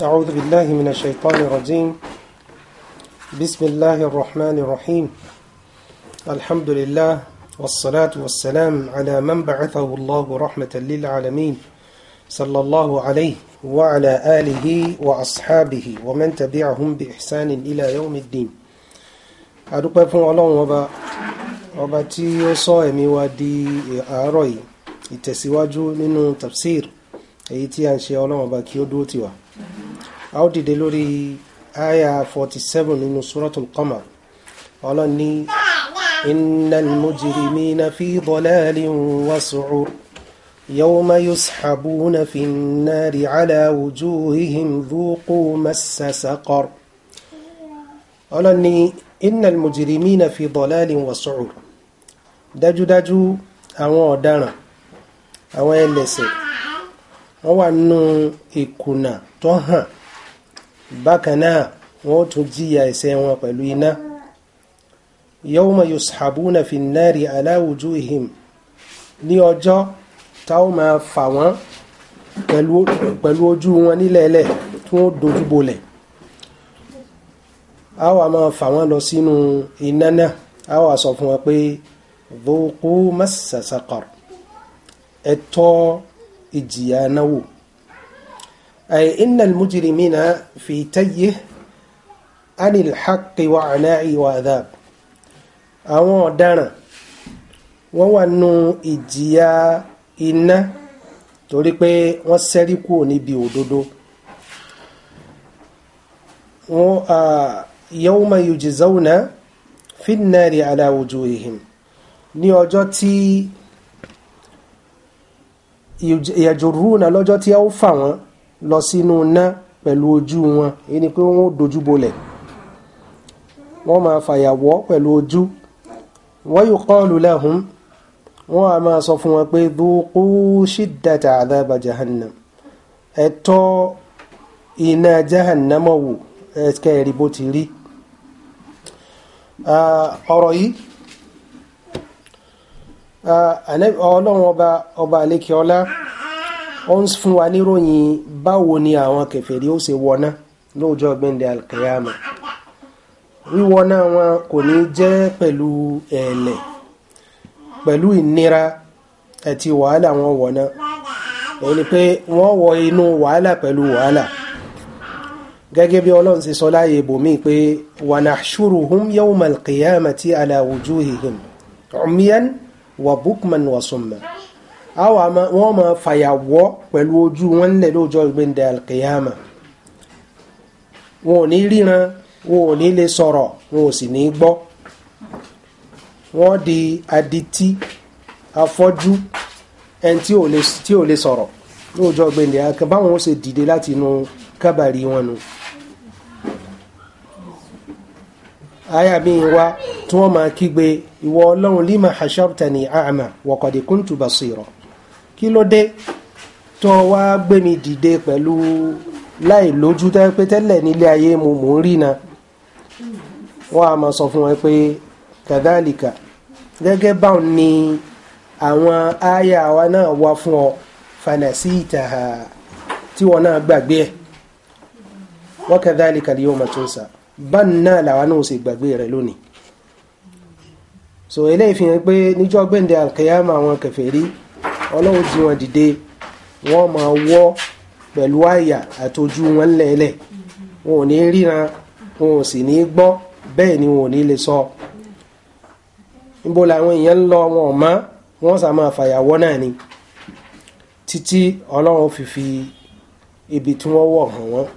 أعوذ بالله من الشيطان الرجيم بسم الله الرحمن الرحيم الحمد لله والصلاة والسلام على من بعثه الله رحمة للعالمين صلى الله عليه وعلى آله وأصحابه ومن تبعهم بإحسان إلى يوم الدين أدوك فون الله وبا وبا تي صائمي ودي أروي يتسواجو من تفسير أيتي أنشي الله وبا كيو دوتي a ó dìde lórí aya forty seven nínú suratul qamar ọlọ́run ní innal mujrimina fi dalalin wa su'ur yawma yushabuna fi an-nari ala wujuhihim dhuqu massa saqar ọlọ́run ní innal mujrimina fi dalalin wa su'ur dájúdájú àwọn ọ̀daràn àwọn ẹlẹ́ṣẹ̀ wọ́n wà nínú ìkùnà tó hàn bákan náà wọ́n tún jìyà ẹ̀ṣẹ̀ wọn pẹ̀lú iná yawma yushabuna fi nnari ala wujuhihim ní ọjọ́ táwọn máa fà wọ́n pẹ̀lú ojú wọn nílẹ̀ẹ́lẹ̀ tí wọ́n dojú bolẹ̀ a wà máa fà wọ́n lọ sínú iná náà a wà sọ fún wọn pé dhuqu massa saqar ìjìyà náà wò أي إن المجرمين في تيه عن الحق وعناء وعذاب àwọn ọ̀daràn wọ́n wà nù ìjìyà iná torí pé wọ́n ṣẹ́rí kúrò níbi òdodo wọ́n yawma yujizawna finnari ala wujuhihim ní ọjọ́ tí yajuruna lọ́jọ́ tí a ó fà wọ́n lọ sínú ná pẹ̀lú ojú wọn èyí ni pé wọ́n dojú bolẹ̀ wọ́n máa fàyàwọ́ pẹ̀lú ojú wọ́n yuqalu lahum wọ́n á máa sọ fún wọn pé dhuqu shiddata adhaba jahannam ẹ̀tọ́ iná jahannama wò ẹ̀kẹ́ ẹ̀rí bó ti rí ah, ọ̀rọ̀ yìí ah, ọlọ́run ọba ọba àlékè ọlá ó ń fún wa níròyìn báwo ni àwọn kèfèrí ó ṣe wọná lóòjọ́ gbẹ̀ndẹ̀ alkiyama wíwọná wọn kò ní jẹ́ pẹ̀lú ẹ̀ẹ̀lẹ̀ pẹ̀lú ìnira àti wàhálà wọn wọná èyí ni pé wọ́n wọ inú wàhálà pẹ̀lú wàhálà gẹ́gẹ́ bí ọlọ́run ṣe sọ láàyè ibòmíì pé wa nahshuruhum yawma alqiyamati ala wujuhihim umyan wa bukman wa summan àwọn wọ́n máa fàyàwọ́ pẹ̀lú ojú wọn ń lẹ̀ lọ́jọ́ ìgbéǹde alkiyama wọn ò ní ríran wọn ò ní lè sọ̀rọ̀ wọn ò sì ní gbọ́ wọ́n di adití afọ́jú ẹni tí ò lè sọ̀rọ̀ lọ́jọ́ ìgbéǹde alkiyama báwọn ó ṣe dìde láti inú kábàrí wọn nu. aya mi wa tí wọ́n máa kígbe ìwọ ọlọ́run lima hashartani a'ma wa kuntu basira kí ló dé tó wá gbé mi dìde pẹ̀lú láì lójú tẹ́ pé tẹ́lẹ̀ nílé ayé mo mò ń rí na wọ́n á máa sọ fún wọn pé kàdálìkà gẹ́gẹ́ báwọn ni àwọn àyà wa náà wá fún ọ fanasi ìtàhà tí wọn náà gbàgbé ẹ̀ wọ́n kàdálìkà ni yóò máa tún sá báyìí náà làwa náà ò sì gbàgbé rẹ̀ lónìí so eléyìí fi hàn pé níjọ́ gbẹ̀ǹdẹ̀ alkiyama àwọn kèfèrí ọlọ́run jí wọn dìde wọ́n máa wọ́ pẹ̀lú àyà àtọ́jú wọn lẹ́lẹ̀ wọn ò ní ríran wọn ò sì ní gbọ́ bẹ́ẹ̀ ni wọn ò ní lè sọ níbo làwọn èèyàn ń lọ wọn ò mọ̀ wọ́n sá máa fàyàwọ́ náà ni títí ọlọ́run fi fi ibi tí wọ́n wọ̀ hàn wọ́n.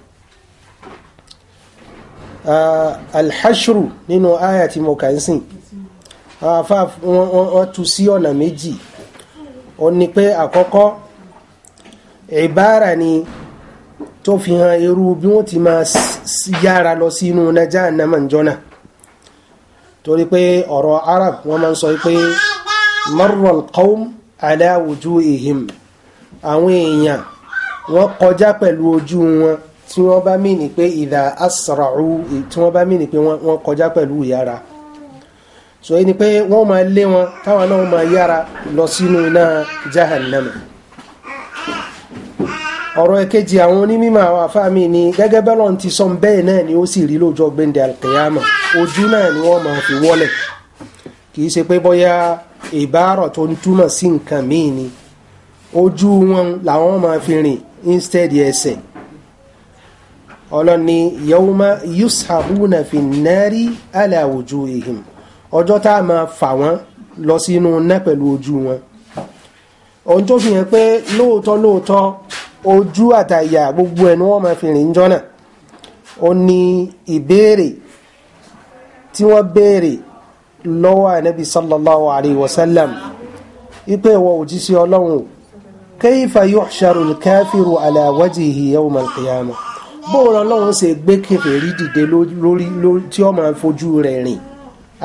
alhashru nínú àyà tí mo kà ń sìn àwọn tu sí ọ̀nà méjì ó ní pé àkọ́kọ́ ìbára ni tó fi hàn irú bí wọ́n ti máa yára lọ sínú nàjà nàmàjọ́nà torí pé ọ̀rọ̀ arab wọ́n máa ń sọ pé marral qawm ala wujuhihim àwọn èèyàn wọ́n kọjá pẹ̀lú ojú wọn tí wọ́n bá mì pé ìdá asra'u tí wọ́n bá mì pé wọ́n kọjá pẹ̀lú ìyára so ẹni pé wọ́n máa lé wọn táwọn náà máa yára lọ sínú iná jahannama ọ̀rọ̀ èkejì àwọn onímọ̀ àwọn àfáàmì ni gẹ́gẹ́ bẹ́ẹ̀ lọ́n ti sọ bẹ́ẹ̀ náà ni ó sì rí lọ́jọ́ gbẹ̀ndẹ̀ alkiyama ojú náà ni wọ́n máa fi wọ́lẹ̀ kì ṣe pé bóyá ìbárọ̀ tó ń túmọ̀ sí nǹkan míì ni ojú wọn làwọn máa fi rìn instead ẹsẹ̀ ọlọ́ni yawma yushabuna fi nari ala wujuhihim ọjọ́ tá a máa fà wọ́n lọ sínú ná pẹ̀lú ojú wọn ohun tó fi hàn pé lóòótọ́ lóòótọ́ ojú àtàyà gbogbo ẹ̀ ni wọ́n máa fi rìn jọ́nà ó ní ìbéèrè tí wọ́n béèrè lọ́wọ́ ànábi sallallahu alayhi wa sallam ipe ìwọ òjíṣẹ́ ọlọ́run kayfa yuhsharu al-kafiru ala wajhihi yawm al-qiyamah ṣe gbé kèfèrí dìde lórí tí ó máa fojú rẹ̀ rìn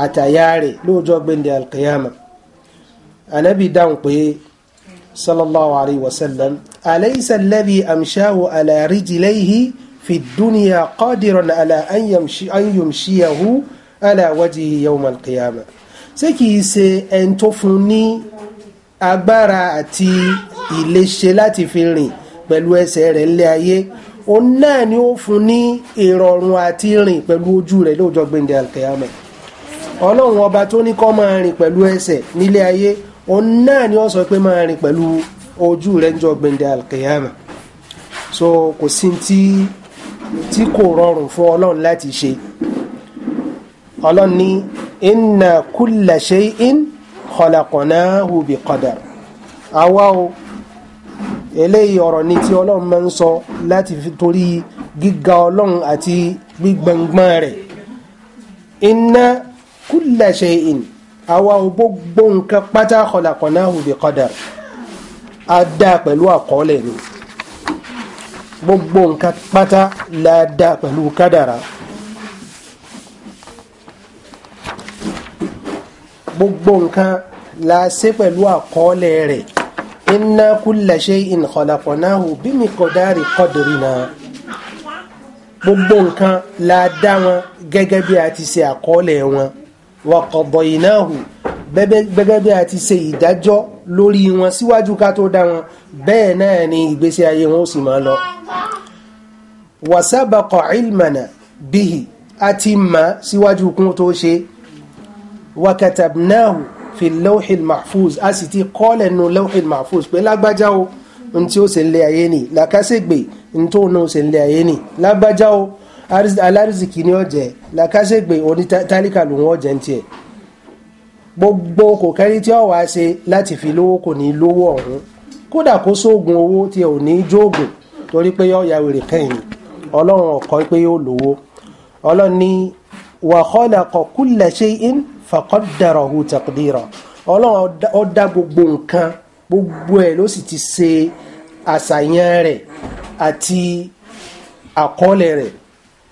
àtàyà rẹ̀ lóòjọ́ gbẹ̀ndẹ̀ alkiyama anabi dáhùn pé sallallahu alayhi wa sallam alaysa alladhi amshahu ala rijlayhi fi dunya qadiran ala an yumshiyahu ala wajhihi yawm alkiyama ṣé kìí ṣe ẹni tó fún ní agbára àti ìléṣe láti fi rìn pẹ̀lú ẹsẹ̀ rẹ̀ ńlẹ̀ ayé òun náà ni ó fún ní ìrọ̀rùn àti rìn pẹ̀lú ojú rẹ̀ lóòjọ́ gbẹ̀ndẹ̀ alkiyama ọlọ́run ọba tó ní kọ́ máa rìn pẹ̀lú ẹsẹ̀ nílé ayé òun náà ni ó sọ pé máa rìn pẹ̀lú ojú rẹ̀ ń jọ gbẹ̀ndẹ̀ alkiyama so kò sí tí tí kò rọrùn fún ọlọ́run láti ṣe ọlọ́run ní inna kulla shay'in khalaqnahu bi qadar àwa o eléyìí ọ̀rọ̀ ni tí ọlọ́run máa ń sọ láti fi torí gíga ọlọ́run àti gbígbọ̀ngbọ̀n rẹ̀ inna kulla shay'in àwa gbogbo nǹkan pátá khalaqnahu bi qadar á dá pẹ̀lú àkọọ́lẹ̀ ni gbogbo nǹkan pátá la dá pẹ̀lú kádàrá gbogbo nǹkan la ṣe pẹ̀lú àkọọ́lẹ̀ rẹ̀ inna kulla shay'in khalaqnahu bi miqdari qadrina gbogbo nǹkan la dá wọn gẹ́gẹ́ bí a ti ṣe àkọọ́lẹ̀ wọn wa qadaynahu gẹ́gẹ́ bí a ti ṣe ìdájọ́ lórí wọn síwájú ká tó dá wọn bẹ́ẹ̀ náà ni ìgbésí ayé wọn ó sì máa lọ. wa sabaqa ilmana bihi a ti mà síwájú kún tó ṣe wa fi lawhil mahfuz a sì ti kọ́lẹ̀ nu lawhil mahfuz pé lágbájá o n tí ó ṣe ń lé ayé nì làkàṣègbè n tó náà ṣe ń lé ayé nì lágbájá o alárìsìkì ni ó jẹ làkàṣègbè onítálíkà lòun ó jẹ ń tiẹ̀ gbogbo kò kẹ́rí tí ó wá ṣe láti fi lówó kò ní lówó ọ̀hún kódà kó sóògùn owó tí ò ní jóògùn torí pé yóò ya wèrè kẹ́yìn ọlọ́run ọ̀kọ́ pé yóò lówó ọlọ́run ní wa khalaqa kulla shay'in faqaddarahu taqdira ọlọ́run ó dá gbogbo nǹkan gbogbo ẹ̀ ló sì ti ṣe àṣàyàn rẹ̀ àti àkọọ́lẹ̀ rẹ̀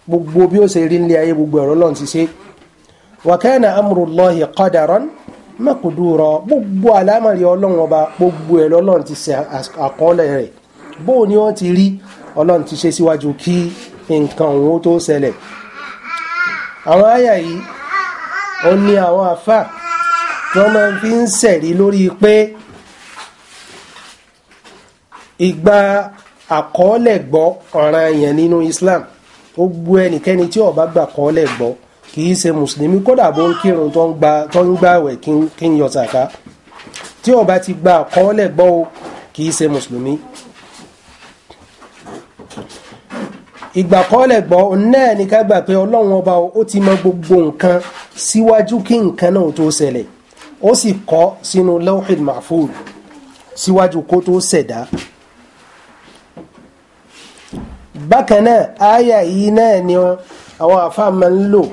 gbogbo bí ó ṣe rí nílé ayé gbogbo ọ̀rọ̀ lọ́n ti ṣe wa kana amrullahi qadaran makudura gbogbo àlámọ̀rí ọlọ́run ọba gbogbo ẹ̀ lọ́lọ́run ti ṣe àkọọ́lẹ̀ rẹ̀ bó ni wọ́n ti rí ọlọ́run ti ṣe síwájú kí nǹkan òun tó ṣẹlẹ̀ àwọn àyà yìí ó ní àwọn àfà tí wọ́n máa fi ń ṣẹ̀rí lórí pé ìgbà àkọọ́lẹ̀ gbọ́ ọ̀ranyàn nínú Islam gbogbo ẹnikẹ́ni tí ó bá gbà kọ́ lẹ̀ gbọ́ kì í ṣe mùsùlùmí kódà bó ń kírun tó ń gbààwẹ̀ kí ń yọ sàká tí ó bá ti gbà kọ́ lẹ̀ gbọ́ o kì í ṣe mùsùlùmí. ìgbàkọ́lẹ̀ gbọ́ náà ní ká gbà pé ọlọ́run ọba ó ti mọ gbogbo nǹkan síwájú kí nǹkan náà tó ṣẹlẹ̀ ó sì kọ sínú lawhid mahfud síwájú kó tó ṣẹ̀dá bákan náà àyà yìí náà ni àwọn àfa máa ń lò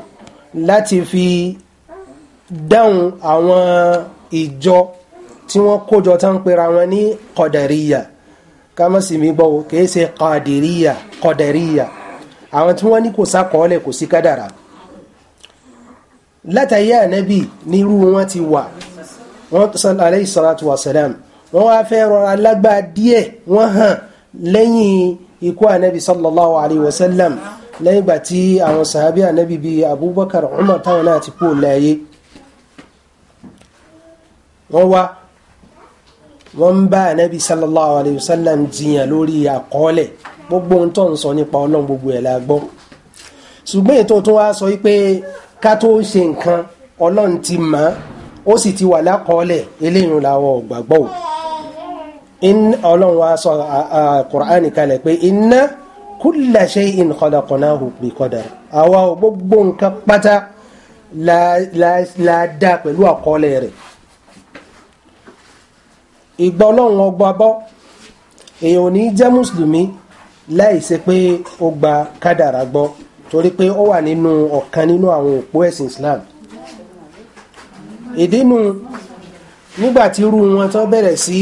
láti fi dáhùn àwọn ìjọ tí wọ́n kójọ tán pera wọn ní kọ̀dàríyà kámọ́sí mi gbọ́ kìí ṣe kọ̀dàríyà kọ̀dàríyà àwọn tí wọ́n ní kò sákọọ́lẹ̀ kò sí kádàrà látàyé ànábì nírú wọn ti wà wọn sọlá aleyhi salatu wọn wá fẹ́ rọra lágbá díẹ̀ wọ́n hàn lẹ́yìn ikú ànábì sallallahu alayhi wa sallam lẹ́yìn ìgbà tí àwọn sàhábí ànábì bíi abubakar umar táwọn náà ti kú láyé wọ́n wá wọ́n ń bá ànábì sallallahu alayhi wa sallam jiyàn lórí àkọọ́lẹ̀ gbogbo ohun tó ń sọ nípa ọlọ́run gbogbo ẹ̀ la ṣùgbọ́n ètò tó wá sọ wípé ká tó ṣe nǹkan ọlọ́run ti mọ̀ ó sì ti wà lákọọ́lẹ̀ eléyìí làwọn ò gbàgbọ́ in ọlọ́run wa sọ Qur'an kalẹ̀ pé inna kulla shay'in khalaqnahu bi qadar àwa gbogbo nǹkan pátá la dá pẹ̀lú àkọọ́lẹ̀ rẹ̀ ìgbà ọlọ́run ọgbà bọ́ èèyàn ò ní jẹ́ mùsùlùmí láì ṣe pé ó gba kádàrá gbọ́ torí pé ó wà nínú ọ̀kan nínú àwọn òpó ẹ̀sìn Islam ìdínú nígbà tí irú wọn tó bẹ̀rẹ̀ sí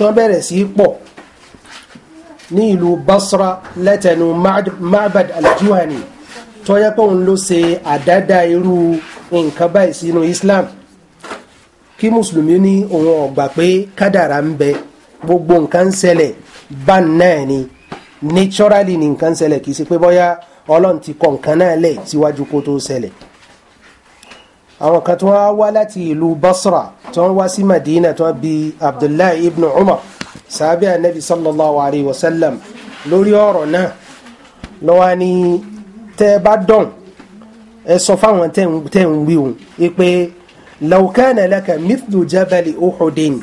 tí wọ́n bẹ̀rẹ̀ sí pọ̀ ní ìlú Basra lẹ́tẹ̀nu Ma'bad al-Juhani tó yẹ pé òun ló ṣe àdáda irú nǹkan báyìí sínú Islam kí mùsùlùmí ní òun ọ̀gbà pé kádàrá ń bẹ gbogbo nǹkan ń ṣẹlẹ̀ bá náà ni naturally ni nǹkan ń ṣẹlẹ̀ kì í ṣe pé bóyá Ọlọ́run ti kọ nǹkan náà lẹ̀ síwájú kó tó ṣẹlẹ̀ àwọn kan tó wá wá láti ìlú Basra tó wá sí Madina tó bi Abdullahi ibn Umar sàbí anabi sallallahu alayhi wa sallam lórí ọ̀rọ̀ náà lọ́wọ́ ni tẹ́ bá dọ̀n ẹ sọ fáwọn tẹ́ ń wí òun pé law laka mithlu jabali uhudin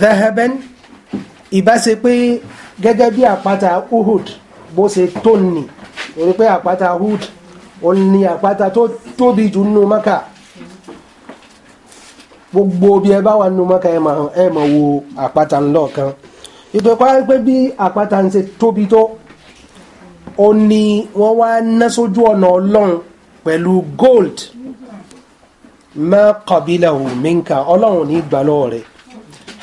dhahaban ìbá ṣe pé gẹ́gẹ́ bí àpáta Uhud bó ṣe tó nì orí pé àpáta Uhud ó ní àpáta tó tóbi jù nínú maka gbogbo bí ẹ bá wà nínú maka ẹ máa ẹ máa wo àpáta ńlọ kan ètò pé bí àpáta ń ṣe tóbi tó ó ní wọ́n wá ná sójú ọ̀nà ọlọ́run pẹ̀lú gold ma qabilahu minka ọlọ́run ní gbà lọ́wọ́ rẹ̀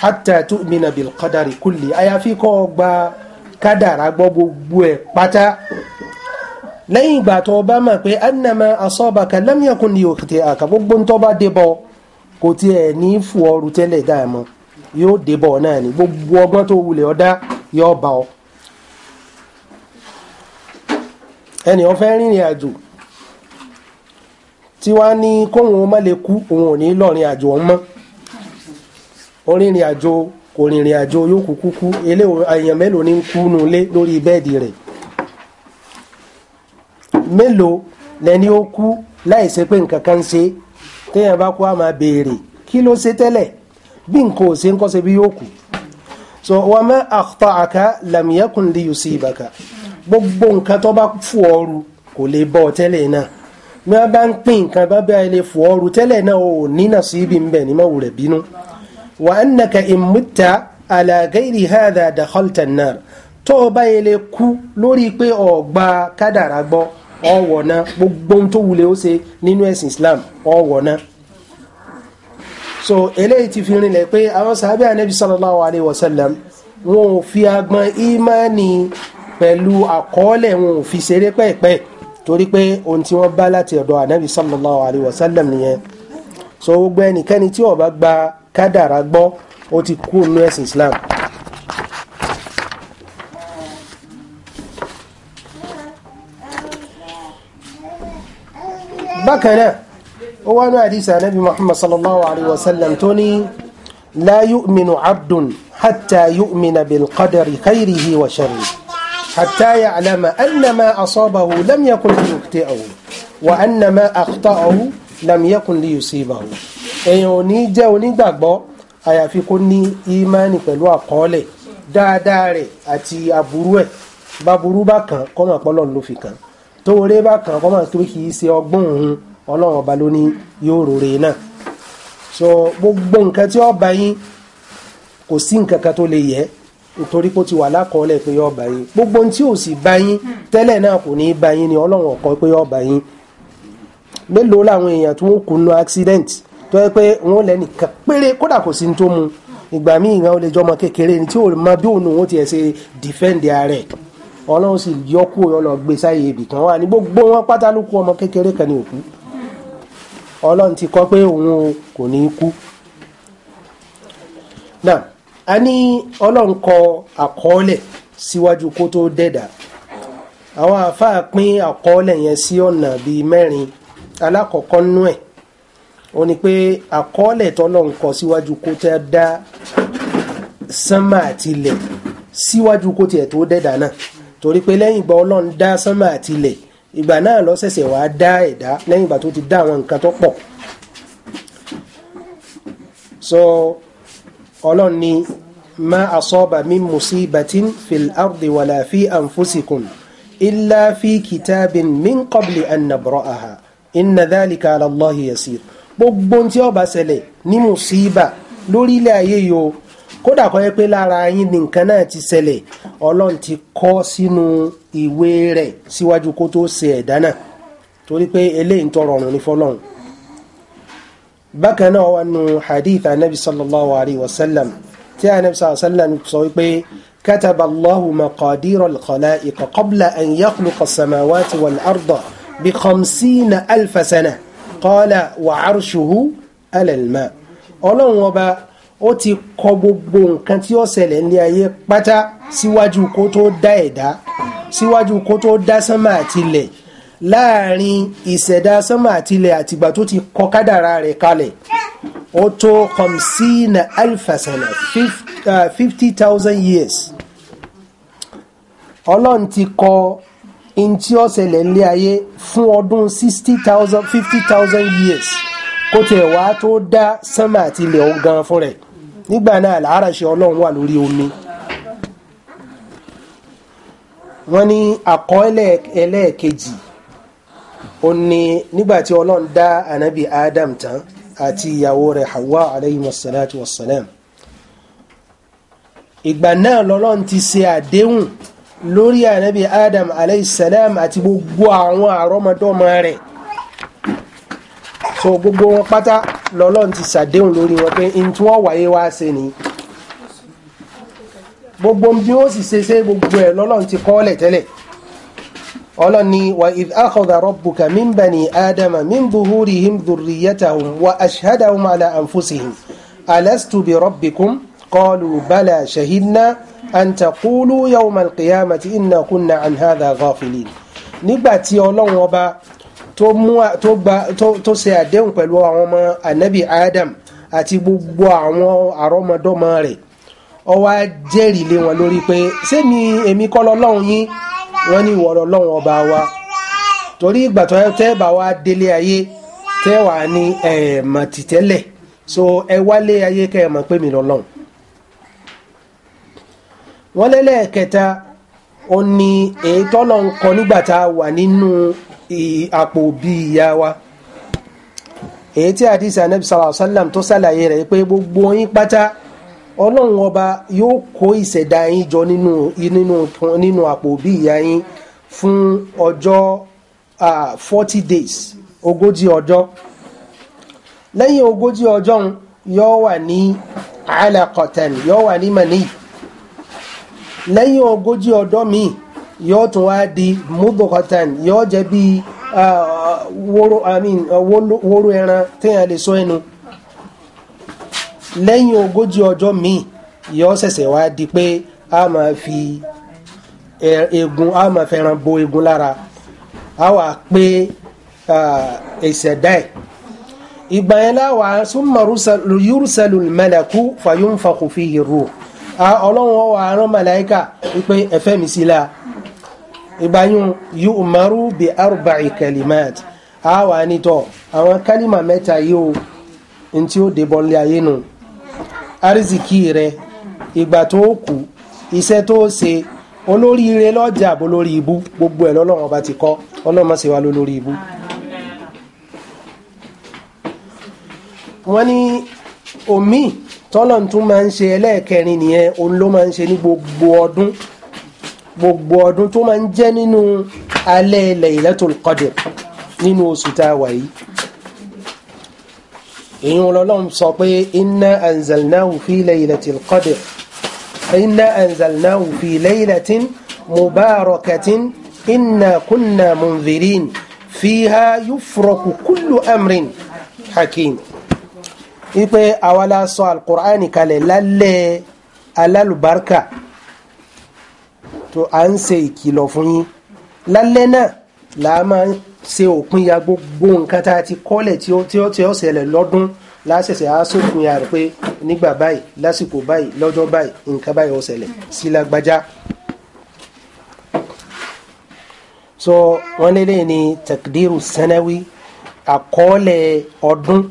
hatta tu'mina bil qadari kulli àyàfi kọ́ gba kádàrá gbọ́ gbogbo ẹ̀ pátá lẹ́yìn ìgbà tó bá mọ̀ pé annama asabaka lam yakun liyukhti'aka gbogbo ń bá débọ̀ kò tiẹ̀ ní fún ọrù tẹ́lẹ̀ dáàmú yóò débọ̀ náà ni gbogbo ọgbọ́n tó wulẹ̀ ọ̀dá yóò bá ọ. ẹnì ọ̀fẹ́ rìnrìn àjò tí wàá ní kóhun má lè kú òun ò ní lọ́rin àjò ọ̀hún mọ́ orìnrìn àjò kò rìnrìn àjò yóò kú kúkú eléyàn mélòó ní kú nulẹ̀ lórí bẹ́ẹ̀dì rẹ̀ mélòó lẹni ó kú láì ṣe pé nǹkan kan ṣe téèyàn bá kú á máa béèrè kí ló ṣe tẹ́lẹ̀ bí nǹkan ò ṣe ń kọ́ bí yóò kú so wa ma akhta'aka lam yakun li yusibaka gbogbo nǹkan tó bá fò ọrù kò lè bọ́ tẹ́lẹ̀ náà bí wọ́n bá ń pín nǹkan bá bá ilé fò ọrù tẹ́lẹ̀ náà ò ní nasibi ń bẹ̀ ní mọ̀wù rẹ̀ bínú wa annaka in mutta ala ghairi hadha dakhalta tó o bá ilé kú lórí pé ọ̀gbà kádàrá gbọ́ ọwọ náà gbogbo ohun tó wulẹ̀ ó ṣe nínú ẹ̀sìn islam ọwọ náà so eléyìí ti fi rinlẹ̀ pé àwọn sàbẹ̀ anabi sallallahu alayhi wa sallam wọn ò fi agbọn ìmánì pẹ̀lú àkọọ́lẹ̀ wọn ò fi ṣeré pẹ́ẹ́pẹ́ torí pé ohun tí wọ́n bá láti ọ̀dọ̀ anabi sallallahu alayhi wa sallam nìyẹn so gbogbo ẹnikẹ́ni tí ó bá gba kádàrá gbọ́ ó ti kú nínú ẹ̀sìn islam. bákanáà ó wá ní àdísà anábi muhammad sallallahu alaihi wasallam tó ní la yu'minu abdun hatta yu'mina bil qadari khairihi wa sharrihi hatta ya'lama annama asabahu lam yakun li yukhti'ahu wa annama akhta'ahu lam yakun li yusibahu èèyàn ò ní jẹ́ onígbàgbọ́ àyàfi kó ní ìmánì pẹ̀lú àkọọ́lẹ̀ dáadáa rẹ̀ àti aburú ẹ̀ bá bá kàn kọ́mọ̀ pọ́lọ́ ló fi kàn tó rẹ bá kàn kọ́ mọ̀ tó kì í ṣe ọgbọ́n òun ọlọ́run ọba ló ní yóò rore náà so gbogbo nǹkan tí ó bá yín kò sí nǹkan kan tó lè yẹ nítorí pé ó ti wà lákọọ́lẹ̀ pé yóò bá yín gbogbo ntị tí ò sì bá yín tẹ́lẹ̀ náà kò ní í bá yín ni ọlọ́run ọkọ pé yóò bá yín mélòó làwọn tó ń kunu accident tó yẹ pé wọn péré kódà kò sí ní mu ìgbà míì ìran jọmọ kékeré ni tí ò mọ bí òun òun ọlọ́run sì yọ kúrò yọ lọ gbé sáyé ibì kan wà ní gbogbo wọn pátá ló kú ọmọ kékeré kan ní òkú ọlọ́run ti kọ́ pé òun kò ní kú náà a ní ọlọ́run kọ àkọọ́lẹ̀ síwájú kó tó dẹ̀dà àwọn àáfàá pín àkọọ́lẹ̀ yẹn sí ọ̀nà bíi mẹ́rin alákọ̀ọ́kọ́ nú ẹ̀ ó ní pé àkọọ́lẹ̀ tọ́lọ́run kọ síwájú kó tẹ́ dá sánmà àti ilẹ̀ síwájú kó tiẹ̀ tó dẹ̀dà náà torí pé lẹ́yìn ìgbà ọlọ́run dá sánmà àti ilẹ̀ ìgbà náà ló ṣẹ̀ṣẹ̀ wá dá ẹ̀dá lẹ́yìn ìgbà tó ti dá àwọn nǹkan tó pọ̀ so ọlọ́run ni ma asaba min musibatin fil ardi wala fi anfusikum illa fi kitabin min qabli an nabra'aha inna dhalika ala Allahi yasir gbogbo tí ó bá ṣẹlẹ̀ ní musiba lórílẹ̀ ayé yòó kódà kọ́ yẹ pé lára yín ni nǹkan náà ti ṣẹlẹ̀ ọlọ́run ti kọ sínú ìwé rẹ̀ síwájú kó tó ṣe ẹ̀dá náà torí pé eléyìí ń tọrọ ọ̀run ní fọlọ́run bákan náà wà nù hadith anabi sallallahu alayhi wa sallam tí anabi sallallahu alayhi wa sallam sọ wípé kataba allahu maqadir al-khalaiq qabla an yakhluqa as-samawati wal-arda bi khamsina alfa sana wa arshuhu ala ọlọ́run ọba ó ti kọ gbogbo nǹkan tí ó ṣẹlẹ̀ ní ayé pátá síwájú kó tó dá ẹ̀dá síwájú kó tó dá sánmà àtilẹ̀ láàrin ìṣẹ̀dá sánmà àtilẹ̀ àtìgbà tó ti kọ kádàrá rẹ̀ kalẹ̀ ó tó khamsina alfasana eh, fifty thousand years ọlọ́run ti kọ in tí ó ṣẹlẹ̀ ní ayé fún ọdún sixty thousand fifty thousand years kó tẹ̀ wá tó dá sánmà àtilẹ̀ ó gan fún rẹ̀ nígbà náà làáràṣẹ ọlọ́run wà lórí omi wọ́n ní àkọọ́lẹ̀ ẹlẹ́ẹ̀kejì ó ní nígbà tí ọlọ́run dá anabi adam tán àti ìyàwó rẹ̀ hawa alayhi wassalatu wassalam ìgbà náà lọ́lọ́run ti ṣe àdéhùn lórí ànábì adam aleyhisselam àti gbogbo àwọn àrọ́mọdọ́mọ rẹ̀ so gbogbo wọn pátá lọ́lọ́run ti ṣàdéhùn lórí wọn pé n tí wọ́n wáyé wá ṣe ni gbogbo bí ó sì ṣe ṣe gbogbo ẹ̀ lọ́lọ́run ti kọ́ lẹ̀ tẹ́lẹ̀ ọlọ́run ni wa idh akhadha rabbuka min bani adama min buhurihim dhurriyyatahum wa ashhadahum ala anfusihim alastu bi rabbikum qalu bala shahidna an taqulu yawma al-qiyamati inna kunna an hadha ghafilin nígbà tí ọlọ́run ọba tó mú tó gba tó ṣe àdéhùn pẹ̀lú àwọn ọmọ anabi adam àti gbogbo àwọn àrọ́mọdọ́mọ rẹ̀ ó wá jẹ́rìí lé wọn lórí pé sẹ́mi èmi kọ́ lọ́lọ́run yín wọ́n ní ìwọ lọ́lọ́run ọba wa torí ìgbà tó tẹ́ bá wa délé ayé tẹ́ wà ní ẹ̀ẹ̀mọ̀ tìtẹ́lẹ̀ so ẹ wálé ayé kẹ́ ẹ mọ̀ pé mi lọ́lọ́run. wọ́n lẹ́lẹ́kẹta ó ní èyí tọ́lọ́ ń kọ nígbà tá a wà nínú àpò bí ìyá wa èyí tí àdìsí anabi sallallahu alayhi wa sallam tó ṣàlàyé rẹ̀ pé gbogbo yín pátá ọlọ́run ọba yóò kó ìṣẹ̀dá yín jọ nínú àpò bí ìyá yín fún ọjọ́ forty days ogójì ọjọ́ lẹ́yìn ogójì ọjọ́ yóò wà ní alaqatan yóò wà ní mani lẹ́yìn ogójì ọjọ́ míì yóò tún wá di mudghatan yóò jẹ́ bí uh, wóró I mean uh, wóró ẹran téèyàn lè sọ ẹnu lẹ́yìn ogójì ọjọ́ míì yóò ṣẹ̀ṣẹ̀ wá di pé a máa fi egun a máa fẹ́ràn bo egun lára a wà pé uh, ìṣẹ̀dá ẹ̀ ìgbà yẹn láwà summa yursalu al-malaku fa yunfakhu ọlọ́run ọwọ́ àrùn màláìkà wípé ẹ̀fẹ́ mi sí la ìgbàyún yu'maru bi arba'i kalimat àwa nítọ̀ àwọn kálímà mẹ́ta yóò n tí ó débọ̀ lé ayé nù arzikí rẹ ìgbà tó kù iṣẹ́ tó ṣe olórí ire lọ́jà bó lórí ibú gbogbo ẹ̀ lọ́lọ́run ọba ti kọ́ ọlọ́run lórí ibú. wọ́n ní omi tọ́lọ̀ tún máa ń ṣe ẹlẹ́ẹ̀kẹrin nìyẹn òun ló máa ń ṣe ní gbogbo ọdún gbogbo ọdún tó máa ń jẹ́ nínú alẹ́ Laylatul Qadr nínú oṣù tá a wà yìí èyí wọn lọ́lọ́run sọ pé inna anzalnahu fi Laylatil Qadr inna anzalnahu fi laylatin mubarakatin inna kunna munzirin fiha yufraku kullu amrin hakim wípé àwa sọ alukur'ani kalẹ̀ lálẹ́ alálùbáríkà tó à ń ṣe ìkìlọ̀ fún yín lálẹ́ náà là á máa ń òpin ya gbogbo nǹkan tá a ti kọ́lẹ̀ tí ó tí ó tí ó ṣẹlẹ̀ lọ́dún láṣẹ̀ṣẹ̀ á sópin ya rẹ̀ pé nígbà báyìí lásìkò báyìí lọ́jọ́ báyìí nǹkan báyìí ó ṣẹlẹ̀ sí lágbájá. so wọ́n lélẹ̀ ní takdiru sanawi àkọọ́lẹ̀ ọdún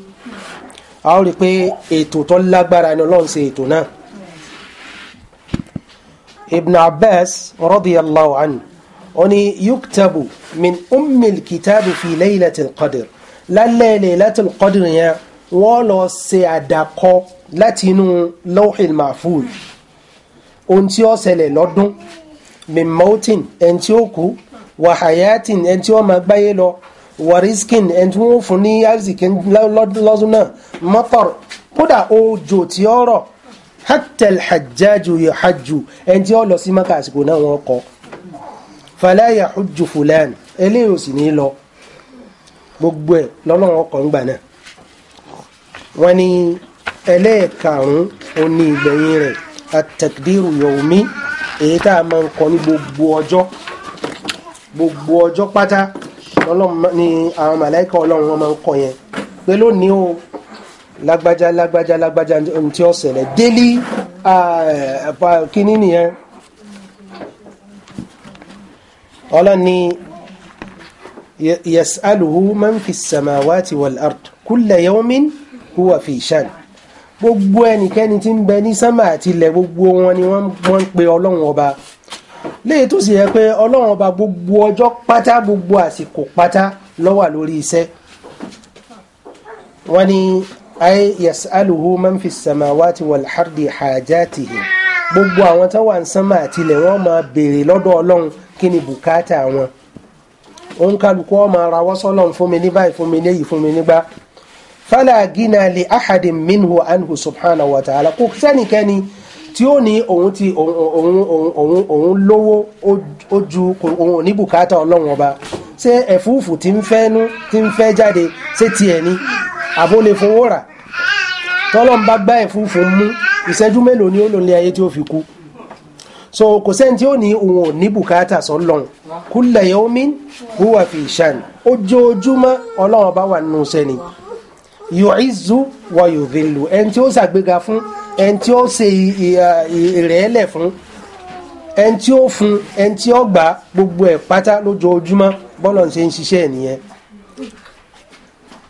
a ó rí i pé ètò tó lágbára ni ọlọ́run ṣe ètò náà ibn Abbas radiyallahu anhu oni yuktabu min ummil kitabi fi laylatil qadr lálẹ́ laylatil qadr yẹn wọ́n lọ ṣe àdàkọ láti inú lawhil mahfuz ohun tí ó ṣẹlẹ̀ lọ́dún min mautin ẹni tí ó kú wa hayatin ẹni tí ó máa gbáyé lọ wa riskin ẹni tí wọ́n fún ní arzikin lọ́dún náà matar kódà òjò tí ó rọ̀ hatta alhajjaju yuhajju ẹni tí ó lọ sí maka àsìkò náà wọ́n kọ́ fala yahujju fulan eléyìí ò sì ní lọ gbogbo ẹ̀ lọ́nà ọkọ̀ ńgbà náà wọ́n ní ẹlẹ́ẹ̀karùn-ún ó ní ìgbẹ̀yìn rẹ̀ at-takdiru yawmi èyí tá a máa ń kọ ní gbogbo ọjọ́ gbogbo ọjọ́ pátá ni àwọn màláìka ọlọ́run wọn máa ń kọ yẹn pé lónìí o lágbájá lágbájá lágbájá tí ó ṣẹlẹ̀ délí kíní nìyẹn ọlọ́ni yas'aluhu man fi samawati wal ard kulla yawmin huwa fi shan gbogbo ẹnikẹ́ni tí ń bẹ ní sánmà àti ilẹ̀ gbogbo wọn ni wọ́n ń pe ọlọ́run ọba léyìí tó sì yẹ pé ọlọ́run ọba gbogbo ọjọ́ pátá gbogbo àsìkò pátá ló wà lórí iṣẹ́ wọ́n ay yasaluhu man fi samawati wal ardi hajatihi gbogbo àwọn tó wà ń sánmà àtilẹ̀ wọ́n máa béèrè lọ́dọ̀ ọlọ́run kí ni bùkátà wọn òun kálukú wọn máa rawọ́ sọ́lọ́run fún mi ní báyìí fún mi ní èyí fún mi nígbà fala gina li ahadin minhu anhu subhanahu wa ta'ala kò sẹ́nikẹ́ni tí ó ní òun ti òun òun òun lówó òun ní bùkátà ọlọ́run ọba ṣé ẹ̀fúùfù tí ń fẹ́ jáde ṣé tiẹ̀ ni àbó lè fowó rà tọ́lọ́n bá gbá ẹ̀fúfú mú ìṣẹ́jú mélòó ni ó lò ní ayé tí ó fi kú so kò sẹ́ni tí ó ní òun ò ní bùkátà sọ lọ́n kulla yawmin huwa fi shan ojoojúmọ́ ọlọ́run bá wà nínú sẹ́ni yu'izzu wa yudhillu ẹni tí ó ṣàgbéga fún ẹni tí ó ṣe ìrẹ́lẹ̀ fún ẹni tí ó fún ẹni tí ó gbà gbogbo ẹ̀ pátá lójoojúmọ́ bọ́lọ̀ ń ṣe ń ṣiṣẹ́ nìyẹn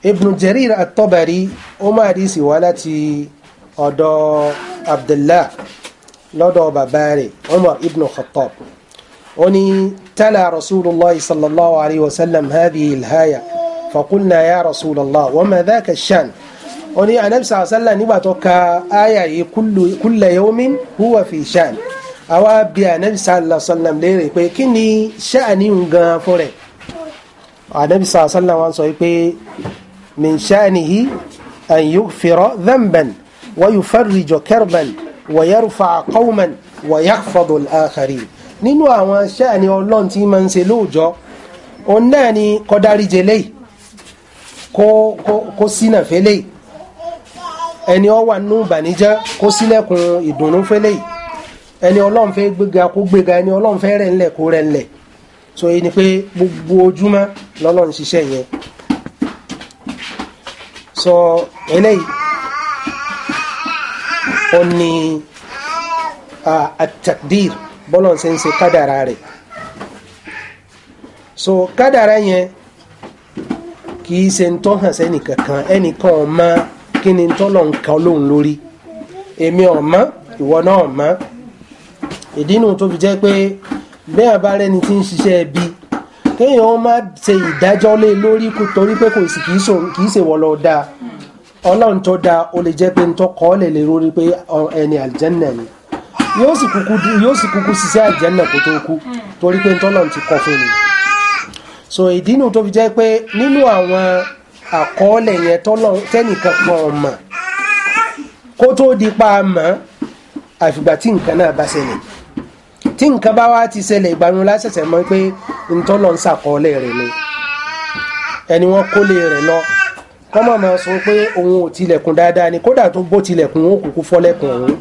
ibn jarir at-tabari ó máa rí sí wá láti ọ̀dọ̀ abdullah lọ́dọ̀ bàbá rẹ̀ umar ibn khattab ó ní tala rasulullah sallallahu alayhi wa sallam hadhihi al-haya فقلنا يا رسول الله وما ذاك الشان oni anabisa asala nígbà tó ka aya yìí kulla yawmin huwa fi shan àwa bi anabisa asalam léèrè pé kí ni ṣáàní gan fún rẹ̀ anabisa asalam wọ́n sọ pé من شأنه أن يغفر ذنبا ويفرج كربا ويرفع قوما ويخفض الآخرين nínú àwọn ṣẹ́ ni ọlọ́run tí máa ń ṣe lóòjọ́ òun náà ni kó dáríjẹ lé kó sínà fẹ́lẹ̀ ẹni ó wà nínú ìbànújẹ́ kó sílẹ̀kùn ìdùnnú fẹ́lẹ̀ ẹni ọlọ́run fẹ́ gbéga kó gbéga ẹni ọlọ́run fẹ́ rẹ̀ ńlẹ̀ kó rẹ̀ ńlẹ̀ so èyí ni gbogbo ojúmọ́ lọ́lọ́run ṣiṣẹ́ yẹn sọ eléyìí ó ní at-taqdir bọ́lọ̀ ṣe ń ṣe kádàrá rẹ̀ so kádàrá yẹn kìí ṣe ń tọ́ hàn sẹ́nì kankan ẹnìkan ọ̀ma kí ni tọ́lọ̀ ń kan lóhun lórí èmi ọ̀ma ìwọ náà ọ̀ma ìdí nu tó fi jẹ́ pé bẹ́ẹ̀ bá rẹ́ni tí ń ṣiṣẹ́ bíi kéèyàn má ṣe ìdájọ́ lé lórí torí pé kò sì kìí ṣe wọ́n lọ dáa ọlọ́run tó dáa ó lè jẹ́ pé ń tọ́ kọ́ lè lè lórí pé ẹni àlìjẹ́nà ni yóò sì kúkú ṣiṣẹ́ àlìjẹ́nà kó tó kú torí pé ń tọ́lọ́run ti kọ́ fún mi. so ìdí inú tó fi jẹ́ pé nínú àwọn àkọọ́lẹ̀ yẹn tẹ́nìkan kan ọ̀mà kó tó di pa àmọ́ àfìgbà tí nǹkan náà bá ṣẹlẹ̀ tí nǹkan bá wá ti ṣẹlẹ̀ ìgbàanú lásẹ̀sẹ̀ mọ́ pé ntọ́lọ́ ń ṣàkọọ́lẹ̀ rẹ̀ ni ẹni wọ́n kólé rẹ̀ lọ wọ́n mọ̀ mọ́ sọ pé òun ò tilẹ̀kùn dáadáa ni kódà tó bó tilẹ̀kùn òun kúkú fọ́lẹ́kùn òun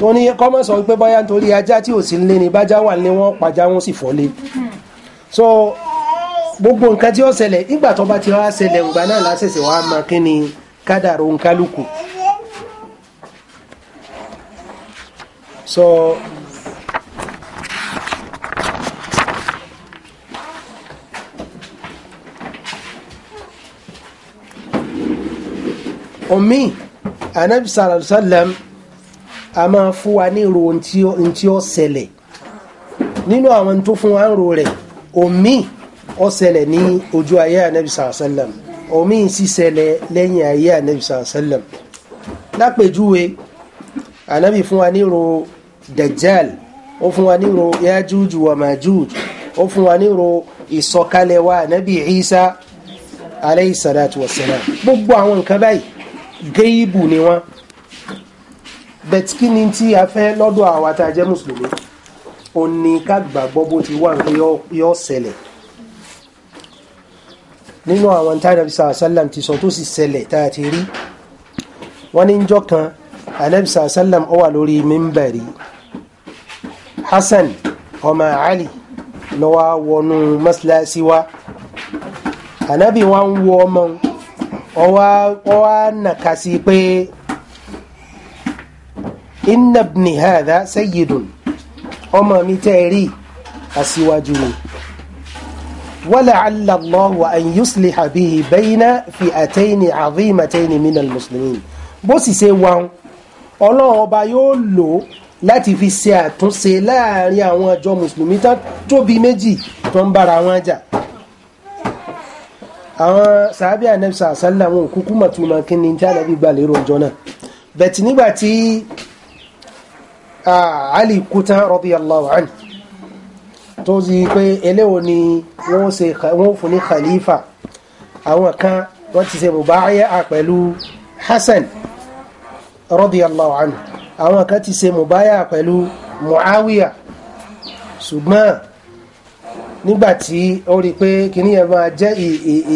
tó ní kọ́ mọ̀ sọ pé bóyá nítorí ajá tí ò sí nílé ni bájá wà nílé wọ́n pàjá wọ́n sì fọ́lé so gbogbo nǹkan tí ó ṣẹlẹ̀ ìgbà tó bá ti wá ṣẹlẹ̀ ǹgbà náà lásẹ̀sẹ̀ wàá mọ kí ni kádàrò ń kálukú so omi anabi sallallahu alayhi wa sallam a máa fún wa ní ro ohun tí ó ṣẹlẹ̀ nínú àwọn tó fún wa ń ro rẹ̀ omi ó ṣẹlẹ̀ ní ojú ayé anabi sallallahu alayhi wa sallam omi sì ṣẹlẹ̀ lẹ́yìn ayé anabi sallallahu alayhi wa sallam lápèjúwe anabi fún wa ní ro dajjal ó fún wa níro yájújù wa májújù ó fún wa níro ìsọkalẹ̀ wa nàbí Isa alayhi salatu wassalam gbogbo àwọn nǹkan báyìí géèbù ni wọ́n bẹ̀t kí ni tí a fẹ́ lọ́dọ̀ àwa tá a jẹ́ mùsùlùmí ó ní ká gbàgbọ́ bó ti wà pé yọ ṣẹlẹ̀ nínú àwọn tá ànábì sàlám ti sọ tó sì ṣẹlẹ̀ tá a ti rí wọ́n ní njọ́ kan ànábì sàlám ó wà lórí mímbàrí Hasan ọmọ Ali ló wọnú mọ́sálásí wa ànábì wa wọ ọmọ wọ́n wá nàka sí pé inna ibni hadha sayyidun ọmọ mi tẹ́ rí aṣíwájú ni ولعل الله أن يصلح به بين فئتين عظيمتين من المسلمين bó sì ṣe wà Ọlọ́run ọba yóò lò láti fi ṣe àtúnṣe láàrin àwọn àjọ mùsùlùmí tó tóbi méjì tó ń bára wọn jà àwọn sàábíà nẹ́bísà sálà wọn kúkú mọ̀túmọ̀ kí ni tí ànábì gbà lérò ọjọ́ náà bẹ̀tì nígbà tí Ali kúta radiyallahu anhu tó sì pé eléwo ni wọ́n fún ní khalifa àwọn kan wọ́n ti ṣe mùbáyà pẹ̀lú Hassan radiyallahu anhu àwọn kan ti ṣe mùbáyà pẹ̀lú Muawiya ṣùgbọ́n nígbàtí ó rí i pé kíní yẹn máa jẹ́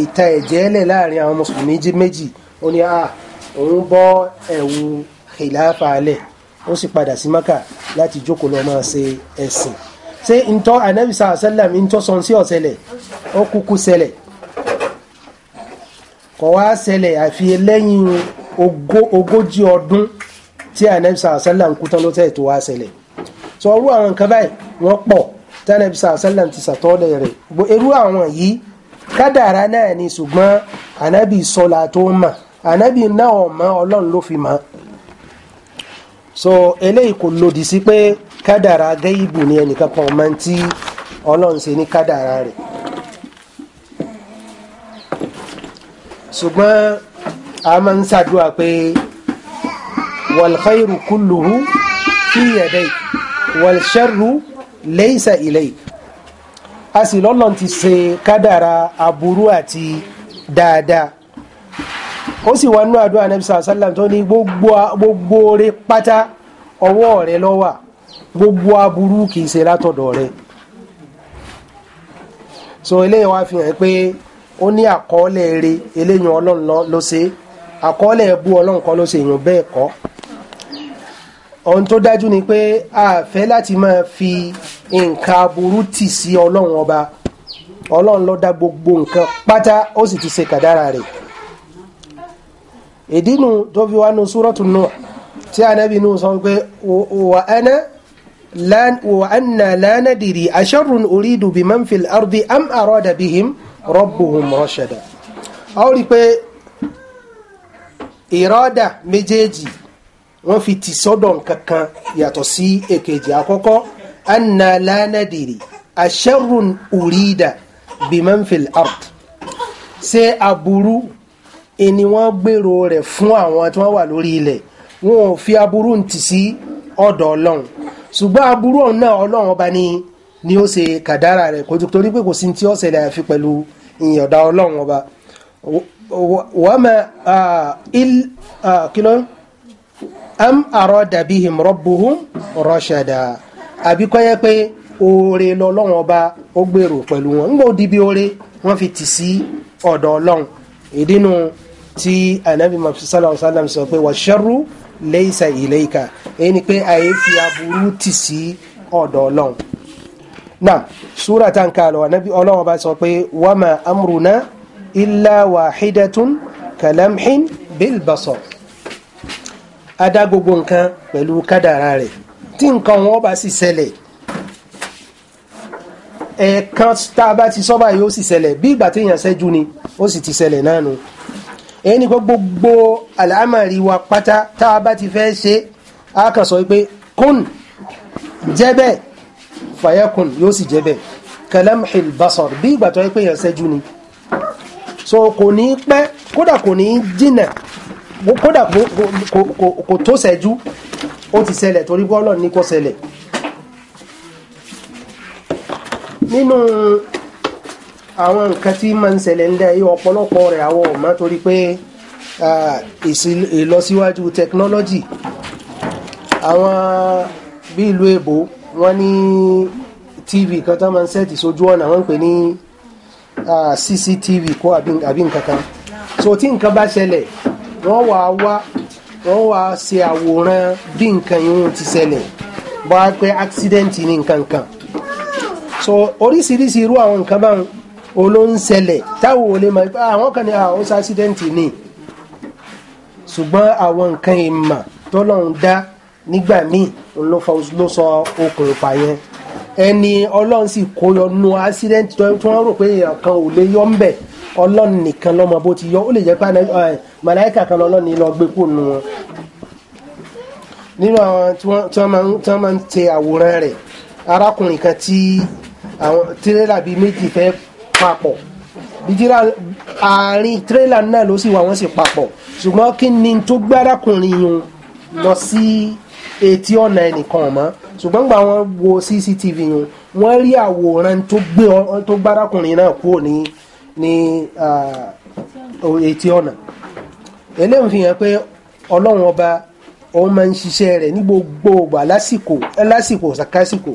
ìta ẹ̀jẹ̀ lẹ̀ láàrin àwọn mùsùlùmí jí méjì ó ní à ah, òun bọ́ ẹ̀wù khilafa alẹ̀ ó sì padà sí maka láti jókòó lọ máa ṣe ẹ̀sìn ṣé ntọ́ anabi sàlá sẹ́lẹ̀m ntọ́ sọ̀n sí ọ̀sẹ̀lẹ̀ ó kúkú ṣẹlẹ̀ kọ̀ wá ṣẹlẹ̀ àfi lẹ́yìn ogójì ọdún tí anabi sàlá sẹ́lẹ̀m kú tán ló tẹ̀ tó wá ṣẹlẹ̀ sọ̀rọ̀ àwọn nǹkan báyìí wọ́n pọ̀ tánàbí sàlẹ̀ ti sàtọ́lẹ̀ rẹ̀ irú àwọn yìí kádàrá náà ni ṣùgbọ́n ànábì sọlá tó mà ànábì náà ọ̀mọ́ ọlọ́run ló fi mọ́ so eléyìí kò lòdì sí pé kádàrá gẹ́ìbù ni ẹnìkan kan ọmọ tí ọlọ́run ṣe ní kádàrá rẹ̀ ṣùgbọ́n a máa ń ṣàdúrà pé wal khairu fi yaday wal leisa ilayk a sì lọ́lọ́n ti ṣe kádàrà aburú àti dáadáa ó sì wà nínú àdúrà Ànábì sàlám tó ní gbogbo oore pátá ọwọ́ rẹ ló gbogbo aburú kìí ṣe látọ̀dọ̀ rẹ so eléyìí wá fi hàn pé ó ní àkọọ́lẹ̀ eré eléyìí ọlọ́run ló ṣe àkọọ́lẹ̀ ẹbú ọlọ́run kan ló ṣe èèyàn bẹ́ẹ̀ kọ́ ohun tó dájú ni pé a fẹ́ láti máa fi nǹkan aburú tì sí ọlọ́run ọba ọlọ́run ló dá gbogbo nǹkan pátá ó sì ti ṣe kàdára rẹ̀ ìdínú tó fi wá nu súrọ́tù nù tí anábì nù sọ pé wà ánà wà ánà lánà dìrì asharrun uridu biman fil ardi am arada bihim rabbuhum rashada. a ó rí pé ìrọ́dà méjèèjì wọ́n fi tì sọ́dọ̀ nǹkan kan yàtọ̀ sí èkejì àkọ́kọ́ anna lanadiri asharun urida bimanfil art ṣé aburu ẹni wọ́n gbèrò rẹ̀ fún àwọn tí wọ́n wà lórí ilẹ̀ wọn ò fi aburú ń tì sí ọ̀dọ̀ ọlọ́run ṣùgbọ́n aburú ọ̀hún náà ọlọ́run ọba ni ni ó ṣe kàdára rẹ̀ kò torí pé kò sí ti ó àfi pẹ̀lú ìyọ̀dá ọlọ́run ọba wọ́n máa kí am arada bihim rabbuhum rashada àbí kó yẹ pé oore lọ́lọ́run ọba ó gbèrò pẹ̀lú wọn ńgbà ó di bí oore wọ́n fi tì sí ọ̀dọ̀ ọlọ́run ìdínú tí anabi sallallahu alayhi wa sallam sọ pé wa sharru laysa ilayka èyí ni pé àyè fi aburú tì sí ọ̀dọ̀ ọlọ́run náà súra tá n kàlọ́ anabi ọlọ́run ọba sọ pé wama amruna illa wahidatun kalamhin bilbasar adá gbogbo nǹkan pẹ̀lú kádàrá rẹ̀ tí nǹkan wọn bá sì ṣẹlẹ̀ ẹ̀ẹ̀kan tá a bá ti sọ́ba yìí ó sì ṣẹlẹ̀ bí ìgbà téèyàn ṣẹ́jú ni ó sì ti ṣẹlẹ̀ náà nu èyí ni gbogbo àlámàrí wa pátá tá a bá ti fẹ́ ṣe á kàn sọ pé kún jẹ́ bẹ́ẹ̀ fàyẹ́kùn yóò sì jẹ́ bẹ́ẹ̀ kalamhil basar bí ìgbà tó yẹ pé èèyàn ṣẹ́jú ni so kò ní pẹ́ kódà kò ní jìnà kódà kò tó ṣẹ́jú ó ti ṣẹlẹ̀ torí bọ́ọ̀lọ̀ ní kó ṣẹlẹ̀ nínú àwọn nǹkan tí máa ń ṣẹlẹ̀ ń dẹ́ ọ̀pọ̀lọpọ̀ rẹ̀ àwọn ọ̀mọ́ torí pé ìlọsíwájú technology àwọn bí ìlú èbó wọ́n ní tv kan tó máa ń sẹ́ẹ̀tì sójú ọ̀nà wọ́n ń pè ní cctv kó àbí nǹkan kan so tí nǹkan bá ṣẹlẹ̀ wọ́n wà á wá wọ́n wà á ṣe àwòrán bí nǹkan yìí ti ṣẹlẹ̀ bá a pé accident ní nǹkan kan so oríṣiríṣi irú àwọn nǹkan báwọn olóńṣẹlẹ̀ táwọn ò lè mọ̀ pé àwọn ah, kan ní àwọn ah, ṣe accident ní ṣùgbọ́n àwọn nǹkan ìmọ̀ tọ́lọ́run dá nígbà míì ló sọ okùnfà yẹn ẹni ọlọ́run sì kó yọ nu accident tó wọ́n rò pé èèyàn kan ò lè yọ ń bẹ̀ ọlọ́run nìkan lọ́mọ bó ti yọ ó lè jẹ́ pé màláìkà kan lọ́lọ́run ni lọ gbé kó nu wọn nínú àwọn tí wọ́n máa ń tẹ àwòrán rẹ̀ arákùnrin kan tí àwọn tírélà bíi méjì fẹ́ papọ̀ ìdíra àárín tírélà náà ló sì wà wọ́n sì papọ̀ ṣùgbọ́n kí ni tó gbé arákùnrin yun lọ sí. Si, etí ọ̀nà ẹnìkan ọ̀mọ́ ṣùgbọ́n gba wọn wo cctv yẹn wọ́n rí àwòrán tó gbé tó gbárakùnrin náà kúrò ní ní etí ọ̀nà eléyìí fi hàn pé ọlọ́run ọba òun máa ń ṣiṣẹ́ rẹ̀ ní gbogbo ìgbà lásìkò lásìkò sàkásìkò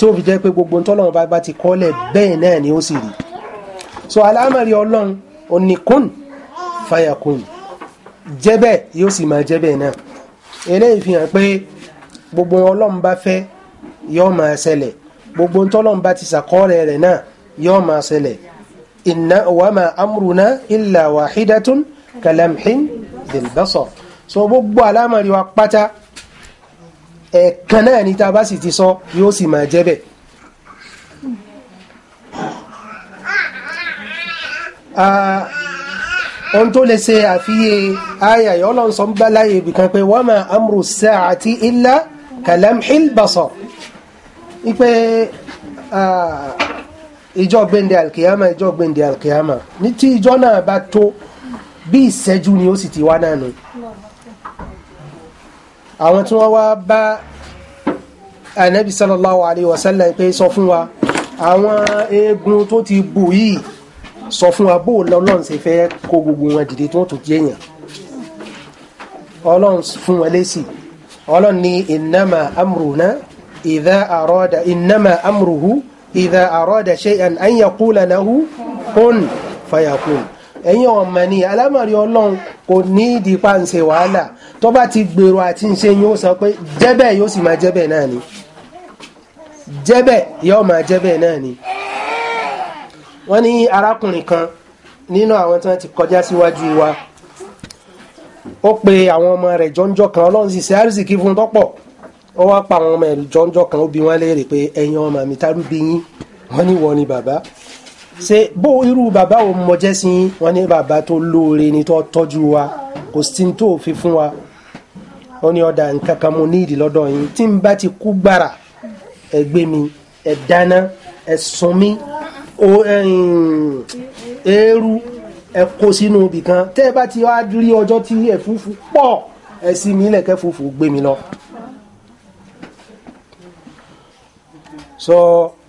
tó fi jẹ́ pé gbogbo ntọ́lọ́run ọba bá ti kọ́lẹ̀ bẹ́ẹ̀ náà ni ó sì rí so alámọ̀rí ọlọ́run onikun fayakun jẹ́bẹ̀ yóò sì máa jẹ́bẹ̀ náà eléyìí fi hàn pé gbogbo ọlọ́run bá fẹ́ yóò máa ṣẹlẹ̀ gbogbo ntọ́lọ́run bá ti ṣàkọọ́lẹ̀ rẹ̀ náà yóò máa ṣẹlẹ̀ inna wa ma amruna illa wahidatun kalamhin dilbasar so gbogbo alámọ̀rí wa pátá ẹ̀ẹ̀kan náà ni tá bá sì ti sọ yóò sì máa jẹ́ bẹ́ẹ̀. Uh, ohun tó lè ṣe àfiyè ayà yìí ọlọ́run sọ ń bá láyé ibì kan pé wa ma amru sa'ati illa kalamhil basar ipe ìjọ gbẹ̀ndé alkiyama ìjọ gbẹ̀ndé alkiyama ní tí ìjọ náà bá tó bí ìṣẹ́jú ni ó sì ti wá náà nù àwọn tí wọ́n wá bá anabi sallallahu alayhi wa sallam pé sọ fún wa àwọn eegun tó ti bù yìí sọ fún wa bó o lọ ọlọ́run ṣe fẹ́ kó gbogbo wọn dìde tó tó jẹ́yàn ọlọ́run fún wọn lésì ọlọ́run ní ìnáma amruna ìdá àrọ́dà ìnáma amruhu ìdá àrọ́dà shay'an an yaqula lahu kun fayakun ẹ̀yin ọmọ ni alámọ̀rí ọlọ́run kò ní ìdí pàǹsẹ̀ wàhálà tó bá ti gbèrò àti ṣe yóò sọ pé jẹ́bẹ̀ yóò sì máa jẹ́bẹ̀ náà ni jẹ́bẹ̀ yóò máa jẹ́bẹ̀ náà ni wọ́n ní arákùnrin kan nínú àwọn tí wọ́n ti kọjá síwájú wa ó pe àwọn ọmọ rẹ̀ jọ́njọ́ kan ọlọ́run sì ṣe àrísìkí fún tọ́pọ̀ ó wá pa àwọn ọmọ rẹ̀ jọ́njọ́ kan ó bi wọ́n léèrè pé ẹ̀yin ọmọ mi tá rúbi yín wọ́n ní wọ́n ní bàbá ṣe bó irú bàbá òun mọ jẹ́ sí wọ́n ní bàbá tó lóore ni tó tọ́jú wa kò sí tó fi fún wa ó ní ọ̀dà nǹkan kan mo ní ìdí lọ́dọ̀ yín tí n bá ti kú gbàrà ẹ gbé mi ẹ dáná ẹ sun mi o ẹ kó sínú ibì kan tẹ́ ẹ bá ti wá rí ọjọ́ tí ẹ̀fúfú pọ̀ ẹ sí mi ilẹ̀ kẹ́fúfú gbé mi lọ. sọ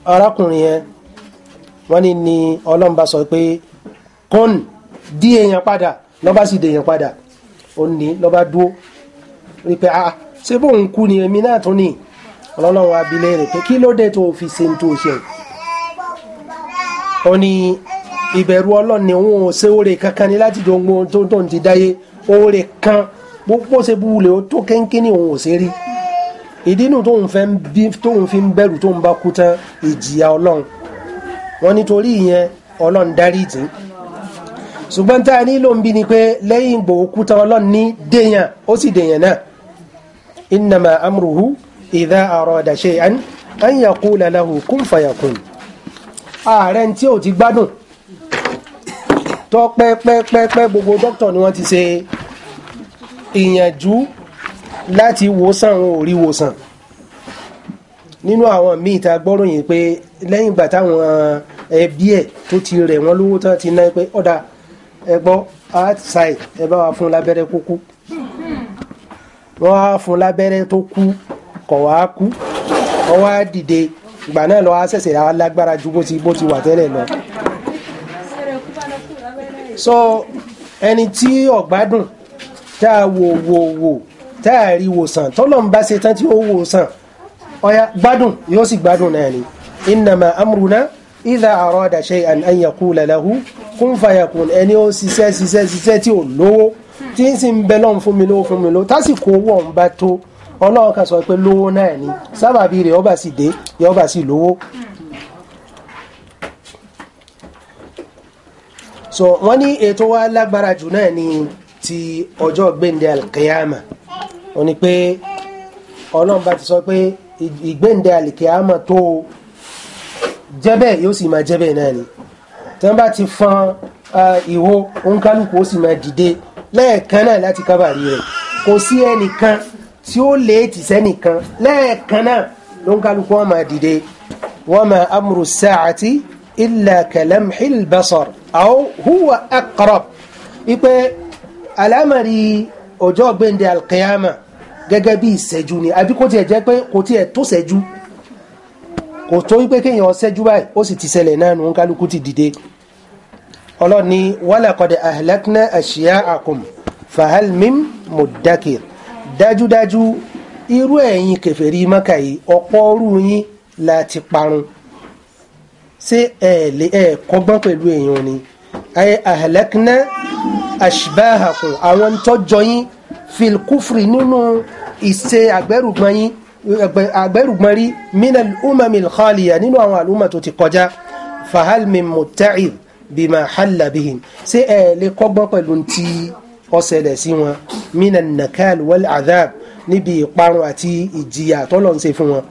arákùnrin yẹn wọ́n ní ni ọlọ́mba sọ pé kọ́n dí èèyàn padà lọ́ba sì dèèyàn padà ó ní lọ́ba dúó rí a ah, ṣé bóun kú ni èmi náà tún ní ọlọ́run abilé rẹ̀ pé kí ló dé tó fi ṣe ń tó ṣe yìí ó ní ìbẹ̀rù ọlọ́run ni òun ò ṣe oore kankan ní láti dòun tó tó ti dáyé oore kan gbogbo ṣe buwulẹ̀ ó tó kéńké ní òun ò ṣe rí ìdí inú tóun fi ń bẹ̀rù tóun bá kú tán ìjìyà ọlọ́run wọn nítorí ìyẹn ọlọ́run dárí jì ṣùgbọ́n tá a nílò ń bí ni pé lẹ́yìn gbòókú tán ọlọ́run ní dèèyàn ó sì dèèyàn náà innama amruhu idha arada shay'an an yaqula lahu ààrẹ tí ò ti gbádùn tó pẹ́pẹ́pẹ́ gbogbo dókítà ni wọ́n ti ṣe ìyànjú láti wòsàn wọn ò rí wòsàn nínú àwọn míì ta gbọ́ròyìn pé lẹ́yìn ìgbà táwọn ẹbí ẹ̀ tó ti rẹ̀ wọ́n lówó tán ti ná pé ọ̀dà ẹgbọ́ outside ẹ bá wa fún lábẹ́rẹ́ kó kú wọ́n á fún lábẹ́rẹ́ tó kú kọ̀ wá kú wọ́n wá dìde ìgbà náà lọ àṣẹṣẹ alágbára ju bó ti bó ti wà tẹ́lẹ̀ lọ. so ẹni tí ọ̀gbádùn tá a wò wò wò tá a rí wòsàn tọ́lọ̀ ń bá ṣe tán tí ó wòsàn ọ̀yà gbádùn yóò sì gbádùn náà ni innama amruna idha arada shay'an an yaqula lahu kún fàyàkùn ẹni ó ṣiṣẹ́ ṣiṣẹ́ ṣiṣẹ́ tí ò lówó tí ń sì ń bẹ fún mi lówó fún mi lówó tásìkò owó ọ̀n bá tó ọlọ́run kan sọ pé lówó náà ni sábàbí rẹ̀ ọba sì dé yọba sì lówó. so wọ́n ní ètò wa lágbára jù náà ni ti ọjọ́ gbẹ̀ndẹ̀ alkiyama wọ́n ní pé ọlọ́run bá ti sọ pé ìgbẹ̀ndẹ̀ alkiyama tó jẹ́bẹ̀ yóò sì máa jẹ́bẹ̀ náà ni tí wọ́n bá ti fọn ìwo òǹkálùkù ó sì máa dìde lẹ́ẹ̀kan náà láti kábàárì rẹ̀ kò sí ẹnìkan tí ó léètì sẹ́nìkan lẹ́ẹ̀kan náà ló ń kálukú wọn máa dìde wa ma amru sa'ati illa kalamhil basar aw huwa aqrab ipe alámàrí ọjọ́ gbẹ̀ndẹ̀ alqiyama gẹ́gẹ́ bí ìṣẹ́jú ni àbí kò tiẹ̀ jẹ́ pé kò tiẹ̀ tó ṣẹ́jú kò tó wípé kéèyàn ṣẹ́jú báyìí ó sì ti ṣẹlẹ̀ náà nù kálukú ti dìde ọlọ́ni walaqad ahlakna ashya'akum fahal mim muddakir dájúdájú irú ẹ̀yin kèfèrí mọ́kà yìí ọ̀pọ̀ ọrú yín láti parun ṣé ẹ lè ẹ kọ́gbọ́n pẹ̀lú èèyàn ni ayé ahlakna ashbahakum àwọn tọ́jọ yín fil kufri nínú ìṣe àgbẹ̀rùgbọ́n yín àgbẹ̀rùgbọ́n rí minal umamil khaliya nínú àwọn àlùmà tó ti kọjá fahal min mutta'id ṣé ẹ lè kọ́gbọ́n pẹ̀lú ti ọ̀sẹ̀lẹ̀ sí wọn mina nakal wal adab níbi ìparun àti ìjìyà tọ́lọ̀ ń ṣe fún wọn.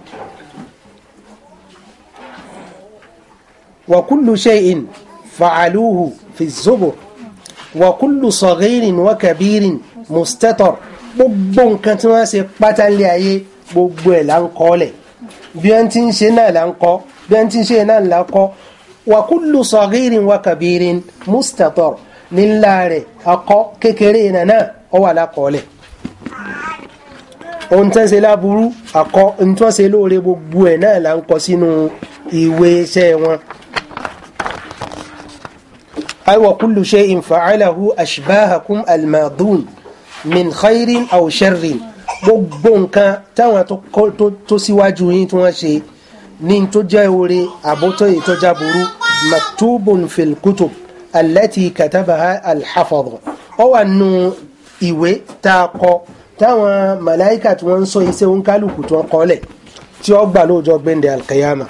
wa kullu shay'in fa'aluhu fi zubur wa kullu saghirin wa kabirin mustator gbogbo nǹkan tí wọ́n ṣe pátá ayé gbogbo ẹ̀ là ń kọ́ lẹ̀ bí wọ́n ti ń ṣe náà là ń kọ́ bí wọ́n ti ń ṣe náà là ń kọ́ wa kullu saghirin mustator ní ńlá rẹ̀ akọ́ kékeré iná náà ó wà lákọọ́lẹ̀ ohun tó ń ṣe láburú akọ́ ohun tó ń ṣe lóore gbogbo ẹ̀ náà là ń kọ sínú ìwé iṣẹ́ wọn. aiwa kullu shay'in fa'alahu ashbahakum almadun min khairin aw sharrin gbogbo nǹkan táwọn tó síwájú yín tí wọ́n ṣe ní tó jẹ́ oore àbótọ́ ètò maktubun fil التي كتبها الحفظ أو أنه إيوي تاقو táwọn màláìkà tí wọ́n ń sọ iṣẹ́ oníkálukú tí wọ́n kọ́lẹ̀ tí ó gbà lóòjọ́ gbẹ̀ndẹ̀ alkayama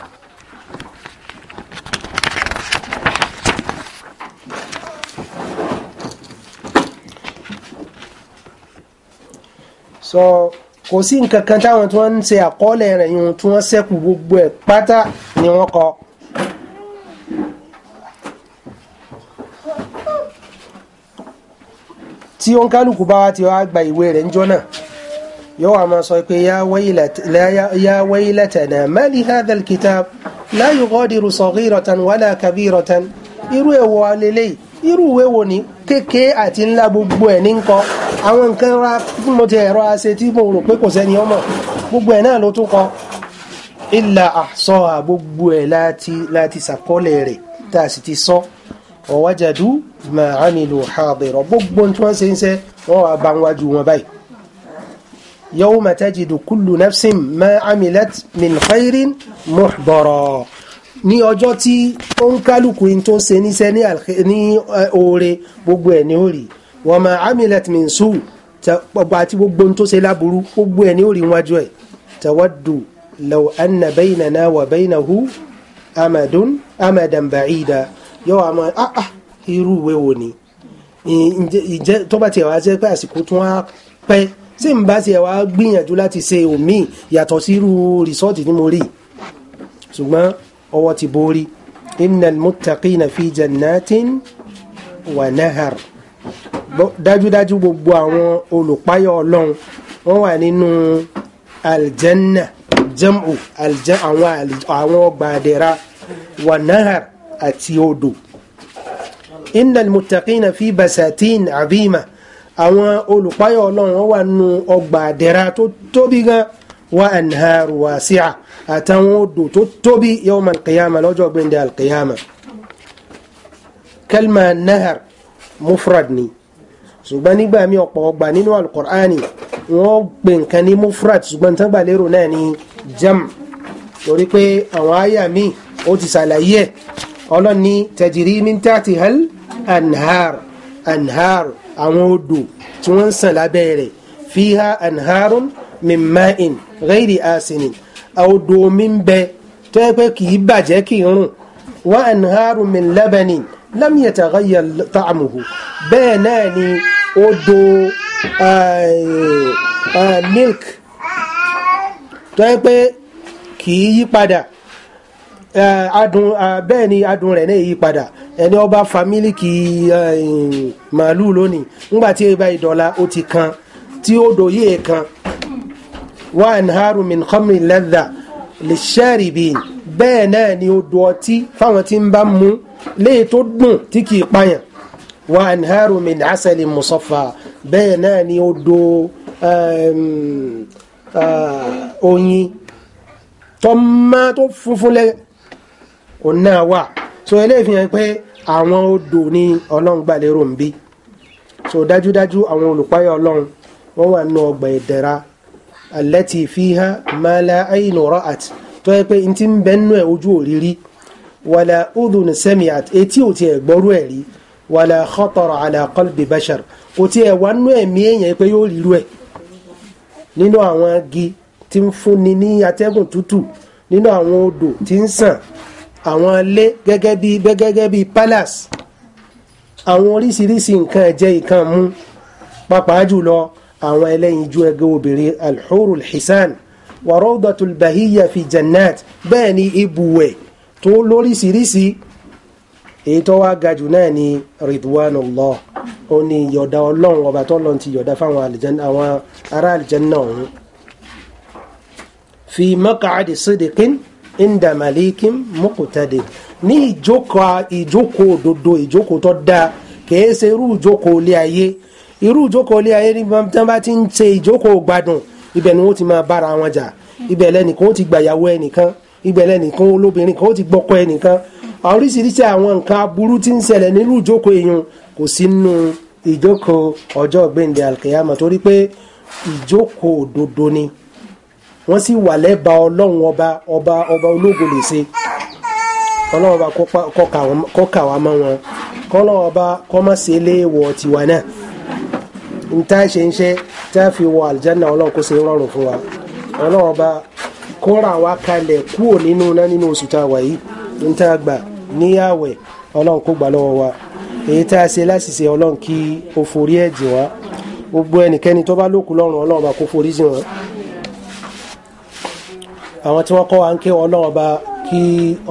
so kò sí nǹkan kan táwọn tí wọ́n ń ṣe àkọọ́lẹ̀ rẹ̀ yun tí wọ́n ṣẹ́kù gbogbo ẹ̀ pátá ni wọ́n kọ tí ó ń kálukú bá wa ti wá gba ìwé rẹ̀ ń jọ́nà yóò wá máa sọ pé ya waylatana ma li hadha alkitab la yughadiru saghiratan wala kabiratan irú èwo alélẹ́yìí irú ìwé wo ni kékeré àti ńlá gbogbo ẹ̀ ní ń àwọn nǹkan ra tí mo ti ẹ̀rọ ase tí mo rò pé kò sẹ́ni ọmọ gbogbo ẹ̀ náà ló tún kọ illa ahsaha gbogbo ẹ̀ láti láti sàkọ́lẹ̀ tá a sì ti sọ. So wajadu ma amilu hadira gbogbo tí wọ́n ṣe ń ṣe wọ́n wà bá wájú wọn báyìí yawma tajidu kullu nafsin ma amilat min khairin muhdara ní ọjọ́ tí ó ń kálukú tó ṣe níṣẹ́ ní oore gbogbo ẹ̀ ní orí wa ma amilat min su àti gbogbo tó ṣe láburú gbogbo ẹ̀ ní orí wájú ẹ̀ tawaddu law anna baynana wa baynahu amadun amadan ba'ida yóò wá máa ah ah irú ìwé wo ni ìjẹ́ tó bá tiẹ̀ wá jẹ́ pé àsìkò tún á pẹ́ ṣé n bá tiẹ̀ wá gbìyànjú láti ṣe òmíì yàtọ̀ sí irú rìsọ́ọ̀tì tí mo rí ṣùgbọ́n ọwọ́ ti borí innal muttaqina fi jannatin wa nahar dájúdájú gbogbo àwọn olùpáyọ̀ ọlọ́run wọ́n wà nínú aljanna jam'u àwọn ọgbà àdẹ̀ra wa nahar àti odò innal muttaqina fi basatin abima àwọn olùpáyọ̀ ọlọ́run wà nù ọgbà àdẹ́ra tó tóbi gan wa anharu wasi'a àtàwọn odò tó tóbi yawm al-qiyama lọ́jọ́ gbẹ̀ndẹ̀ al-qiyama kalma nahar mufrad ni ṣùgbọ́n nígbà mi ọ̀pọ̀ ọgbà nínú alukur'ani wọ́n gbé nǹkan ní mufrat ṣùgbọ́n tán gbà lérò náà ní jam torí pé àwọn àyà mi ó ti ṣàlàyé ọlọ́run ní tẹ̀jìrí mintati hal anhar anhar àwọn odò tí wọ́n ń sàn lábẹ́ rẹ̀ fiha anharun min ma'in ghairi asinin odò omi ń bẹ tó yẹ pé kì í bàjẹ́ kì í rùn wa anharun min labanin lam yataghayyar ta'amuhu bẹ́ẹ̀ náà ni odò eh, eh, milk tó yẹ pé kì í yí padà. Eh, adùn eh, bẹ́ẹ̀ ni adùn rẹ̀ náà yí padà ẹni ó bá fa mílìkì eh, màálù lónìí ńgbà tí eba ìdọ̀la ó ti kan tí ó dòye kan wa anharu min khamri ladha lisharibin bẹ́ẹ̀ náà ni odò ọtí fáwọn tí ń bá mú léè tó dùn tí kì í payàn wa anharu min asalin musaffa bẹ́ẹ̀ náà ni odò ehm, oyin tọ́mọ́ tó funfun lẹ́yìn òun náà wà so eléyìí fi hàn pé àwọn odò ní ọlọ́run gbà lérò ń bí so dájúdájú àwọn olùpáyọ̀ ọlọ́run wọ́n wà nù ọgbà ìdẹ̀ra allati fiha ma la aynu ra'at tó yẹ pé ntí ń bẹ nù ẹ̀ ojú òrírí wàlà udhun sami'at etí ò tiẹ̀ gbọ́rú ẹ̀ rí wàlà khatara ala qalbi bashar kò tiẹ̀ wà nù ẹ̀mí èèyàn pé yóò rírú ẹ̀ nínú àwọn igi tí ń fúnni ní atẹ́gùn tútù nínú àwọn odò tí ń sàn àwọn ilé gẹ́gẹ́ bí gẹ́gẹ́ bí palace àwọn oríṣiríṣi nǹkan jẹ nǹkan mú pàápàá jùlọ àwọn ẹlẹ́yinjú ẹgbẹ́ obìnrin alhurul hisan wa rawdatul bahiyya fi jannat bẹ́ẹ̀ ni ibùwẹ̀ tó lóríṣiríṣi èyí tó wá ga jù náà ni ridwanullah ó ní yọ̀dá ọlọ́run ọba tó lọ́n ti yọ̀dá fáwọn ará aljanna ọ̀hún fi maq'adi sidiqin inda malikim muqtadi ní ìjókòó ìjókòó òdodo ìjókòó tó dáa kìí ṣe irú ìjókòó ilé ayé irú ìjókòó ilé ayé níbi tí wọ́n bá ti ń ṣe ìjókòó gbádùn ibẹ̀ ni wọ́n ti máa bára wọn jà ibẹ̀ lẹ́nìkan ó ti gbàyàwó ẹnìkan ibẹ̀ lẹ́nìkan olóbìnrin kan ó ti gbọ́kọ ẹnìkan oríṣiríṣi àwọn nǹkan aburú tí ń ṣẹlẹ̀ nínú ìjókòó èèyàn kò sí nínú ìjókòó ọjọ́ gbẹ̀ǹdẹ̀ alkiyama torí pé ìjókòó òdodo ni. wọ́n sì wà lẹ́ba ọlọ́run ọba ọba ọba ológo lè ṣe ọlọ́run ọba kọ́kà wá mọ́ wọn kọ́lọ́run ọba kọ́ má ṣe léèwọ̀ tiwa náà nta tá ṣe ń ṣe tá fi wọ àlìjáná ọlọ́run kó ṣe rọrùn fún wa ọlọ́run ọba nínú náà nínú oṣù wà yìí gbà níyàwẹ̀ àwọn tí wọ́n kọ́ wa ń ké ọlọ́run ọba kí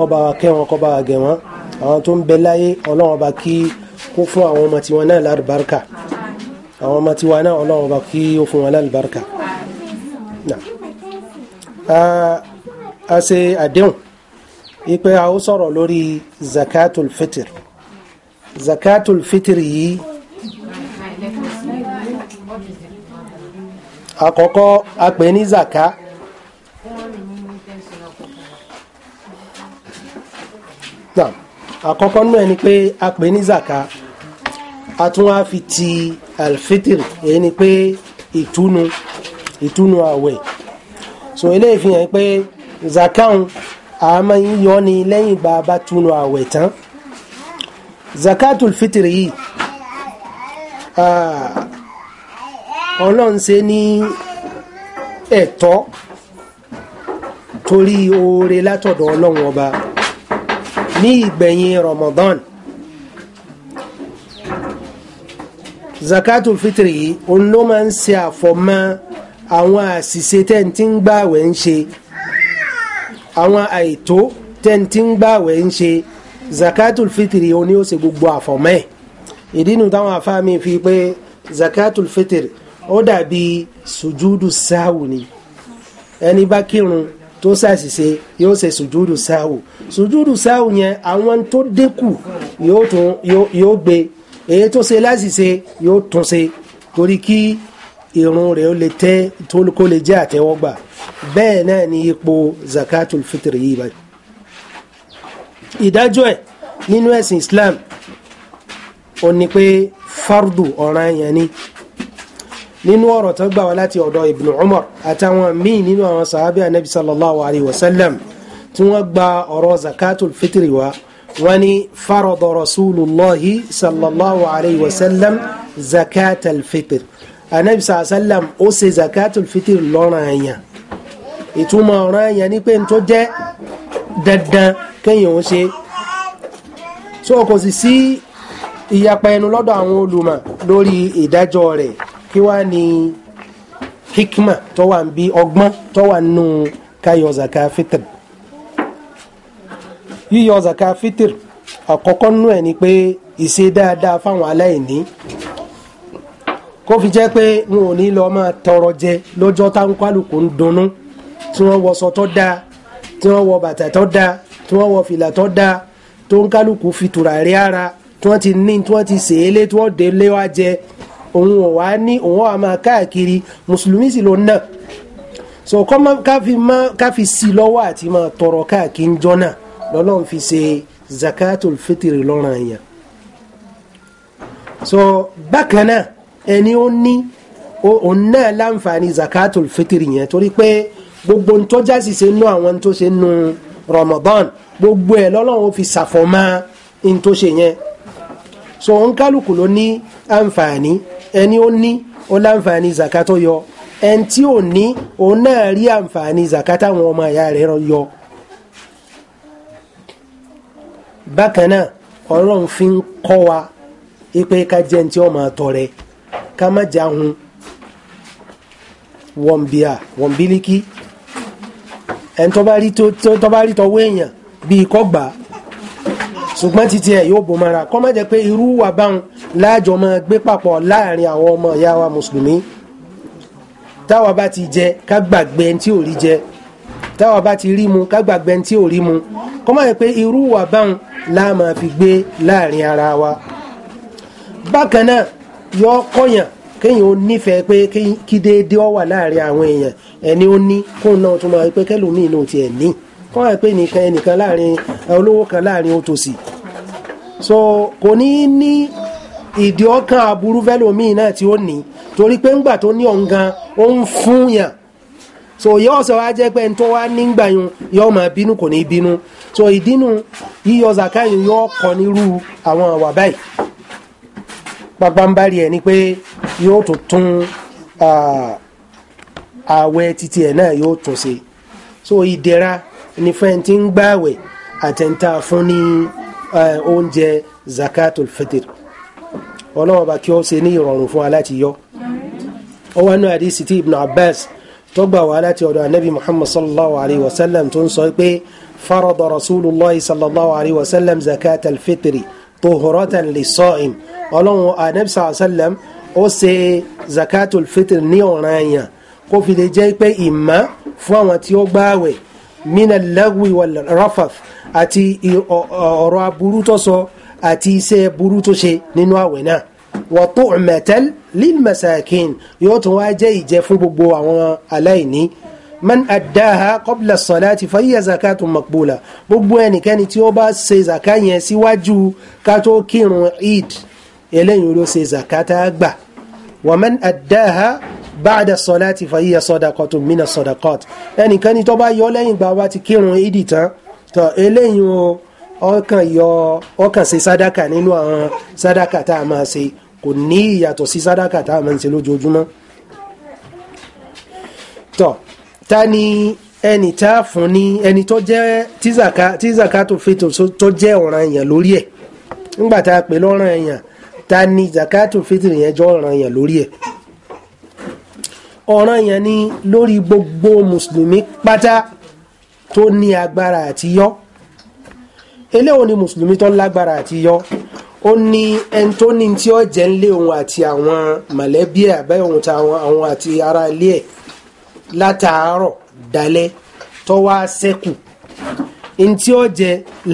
ọba wa kẹ́ wọn kọ́ bá wa gẹ̀ wọ́n àwọn tó ń bẹ láyé ọlọ́run ọba kí kó fún àwọn ọmọ tiwọn náà lálùbáríkà àwọn ọmọ tiwa náà ọlọ́run ọba kí ó fún wọn lálùbáríkà. a ṣe àdéhùn ipe a ó sọ̀rọ̀ lórí zakatul fitr zakatul fitr yìí àkọ́kọ́ a pè ní zaka. náà àkọ́kọ́ nú ẹ ni pé a pè ní zaka a tún wá fi ti alfitr èyí ni pé ìtúnu ìtúnu àwẹ̀ so eléyìí fi hàn pé zakaun a máa ń yọ ni lẹ́yìn ìgbà bá túnu àwẹ̀ tán zakatul fitr yìí ọlọ́run ṣe ní ẹ̀tọ́ torí oore látọ̀dọ̀ ọlọ́run ọba ní ìgbẹ̀yìn Ramadan zakatul fitri yìí òun ló máa ń ṣe àfọ̀mọ́ àwọn àṣìṣe tẹ́ǹtì ń gbààwẹ̀ ń ṣe àwọn àìtó tẹ́ǹtì ń gbààwẹ̀ ń ṣe zakatul fitri òun ni ó ṣe gbogbo àfọ̀mọ́ ẹ̀ ìdí nu táwọn afáàmì fi pé zakatul fitri ó dàbí sùjúdù sáwù ni ẹni bá kírun tó ṣàṣìṣe yóò ṣe sùjúdù sáwù sùjúdù sáwù yẹn àwọn tó dínkù yóò gbé èyí tó ṣe láṣìṣe yóò tún ṣe torí kí irun rẹ̀ lè tẹ́ kó lè jẹ́ àtẹ́wọ́gbà bẹ́ẹ̀ náà ni ipò zakatul fitr yìí báyìí ìdájọ́ ẹ̀ nínú ẹ̀sìn Islam ó ní pé fardu ọ̀ranyàn ni nínú ọ̀rọ̀ tó gbà wá láti ọ̀dọ̀ ibn umar àtàwọn míì nínú àwọn sàábì anabi sallallahu alayhi wa sallam tí wọ́n gba ọ̀rọ̀ zakatul fitri wa wọ́n ní farada rasulullahi sallallahu alayhi wa sallam zakatul fitri anabi sallam ó ṣe zakatul fitri lọ́ranyàn ìtumọ̀ ọ̀ranyàn ni pé n tó jẹ́ dandan kéèyàn ó ṣe so kò sì sí ìyapa ẹnu lọ́dọ̀ àwọn olùmọ̀ lórí ìdájọ́ rẹ̀ kí wá ní hikma tó wà ń bí ọgbọ́n tó wà nù káyọ zaka fitr yíyọ zaka fitr àkọ́kọ́ nù ẹ̀ ni pé ìṣe dáadáa fáwọn aláìní kó fi jẹ́ pé n ò ní lọ́ọ́ máa tọrọ jẹ lọ́jọ́ táwọn kálukú ń dunnú tí wọ́n wọṣọ tó dáa tí wọ́n wọ bàtà tó dáa tí wọ́n wọ fìlà tó dáa tó ń kálukú fi tùràrí ara tí wọ́n ti ní tí wọ́n ti sèé lé tí wọ́n dé léwá òun ò wá ní òun wà máa káàkiri mùsùlùmí sì ló náà so kọ́mọ káfi sí lọ́wọ́ àti máa tọrọ káàkiri jọ́nà lọ́lọ́run fi ṣe zakatul fitiri lọ́ràn yẹn so bákan náà ẹni ó ní òun náà láǹfààní zakatul fitiri yẹn torí pé gbogbo ntọ́já sì ṣe nú àwọn tó ṣe nú Ramadan gbogbo ẹ̀ lọ́lọ́run fi ṣàfọ̀mọ́ ntọ́ṣe yẹn so òun kálukú ló ní àǹfààní ẹni ó ní ó láǹfààní zaka tó yọ ẹni tí ò ní òun náà rí àǹfààní zaka táwọn ọmọ ìyá rẹ̀ yọ. bákan náà ọlọ́run fi ń kọ́ wa ipe ká jẹ́ ní tí ó máa tọrẹ ká má jà hun wọ̀nbíà wọ̀nbílíkì ẹni tó bá rí tọwọ́ èèyàn bíi kọ́gbàá ṣùgbọ́n títí ẹ̀ yóò bò mọ́ra kọ́ má jẹ́ pé irú wà báwọn láàjọ máa gbé papọ̀ láàrin àwọn ọmọ ìyá wa mùsùlùmí táwa bá ti jẹ ká gbàgbé ẹni tí ò rí jẹ táwa bá ti rí mu ká gbàgbé ẹni tí ò rí mu kọ́ má jẹ́ pé irú wà báwọn láà máa fi gbé láàrin ara wa. bákan náà yọ kọyàn kéèyàn ó nífẹ̀ẹ́ pé kí déédéé ó wà láàrin àwọn èèyàn ẹni ó ní kóun náà tún máa pé kẹlòmíì náà tiẹ̀ ní. kọ́ ẹ pé nìkan ẹnìkan láàrin olówó kan láàrin òtòsí so kò ní ní ìdí ọkàn aburú fẹ́lòmíì náà tí ó ní torí pé ńgbà tó ní ọ̀ǹgan ó ń fún yàn so yóò sọ wa jẹ́ pé ẹni tó wá nígbà yun yóò máa bínú kò ní bínú so ìdínú yíyọ zakayun yóò kọ nírú àwọn àwà báyìí pàpàǹbarì ẹ̀ ni pé yóò tó tún ààwẹ̀ títí náà yóò tún ṣe so ní fẹ́ẹ́ tí ń gbààwẹ̀ àtẹ̀ǹta fún ní oúnjẹ zakatul fitr ọlọ́wọ́n bá kí ó ṣe ní ìrọ̀rùn fún wa láti yọ ó wá ní àdìsí tí ibn abbas tó gbà wá láti ọ̀dọ̀ anabi muhammad sallallahu alayhi wa sallam tó ń sọ pé farada rasulillah sallallahu alayhi wa sallam zakatul fitr tuhuratan lis-sa'im ọlọ́wọ́n anabi sallallahu alayhi sallam ó ṣe zakatul fitr ní ọ̀ranyàn kó fi lè jẹ́ pé ìmá fún àwọn tí ó gbààwẹ̀ mina lagwi wal rafath àti ọ̀rọ̀ aburú tó sọ àti iṣẹ́ burú tó ṣe nínú àwẹ̀ náà wa tu'matan lil masakin yóò tún wá jẹ́ ìjẹ fún gbogbo àwọn aláìní man addaha qabla salati fahiya zakatun maqbula gbogbo ẹnikẹ́ni tí ó bá ṣe zaka yẹn síwájú ká tó kírun eid eléyìí ló ṣe zakata gbà wa man addaha ba'da as-salati fa hiya sadaqatun min as-sadaqat ẹnìkan ni tó bá yọ lẹ́yìn gbà wá ti kírun ìdì tán tọ́ eléyìí o ọkàn yọ ọkàn ṣe sádàkà nínú àwọn sádàkà tá a máa ṣe kò ní ìyàtọ̀ sí sádàkà tá a máa ń ṣe lójoojúmọ́ tọ́ ta ni ẹni tá a fún ni ẹni tó jẹ́ tí zakato fitr tó jẹ́ ọ̀ràn èèyàn lórí ẹ̀ nígbà tá a pè lọ́ràn èèyàn ta ni zakato fitr yẹn jọ ọ̀ràn èèyàn lórí ẹ̀ ọ̀ràn yẹn ni lórí gbogbo mùsùlùmí pátá tó ní agbára àti yọ eléwo ni mùsùlùmí tó lágbára àti yọ ó ní ẹni tó ní tí ó jẹ́ ńlé òun àti àwọn mọ̀lẹ́bí ẹ̀ àbẹ́ òun táwọn àwọn àti ará ilé ẹ̀ látàárọ̀ dalẹ́ tó wá ṣẹ́kù ẹni tí ó jẹ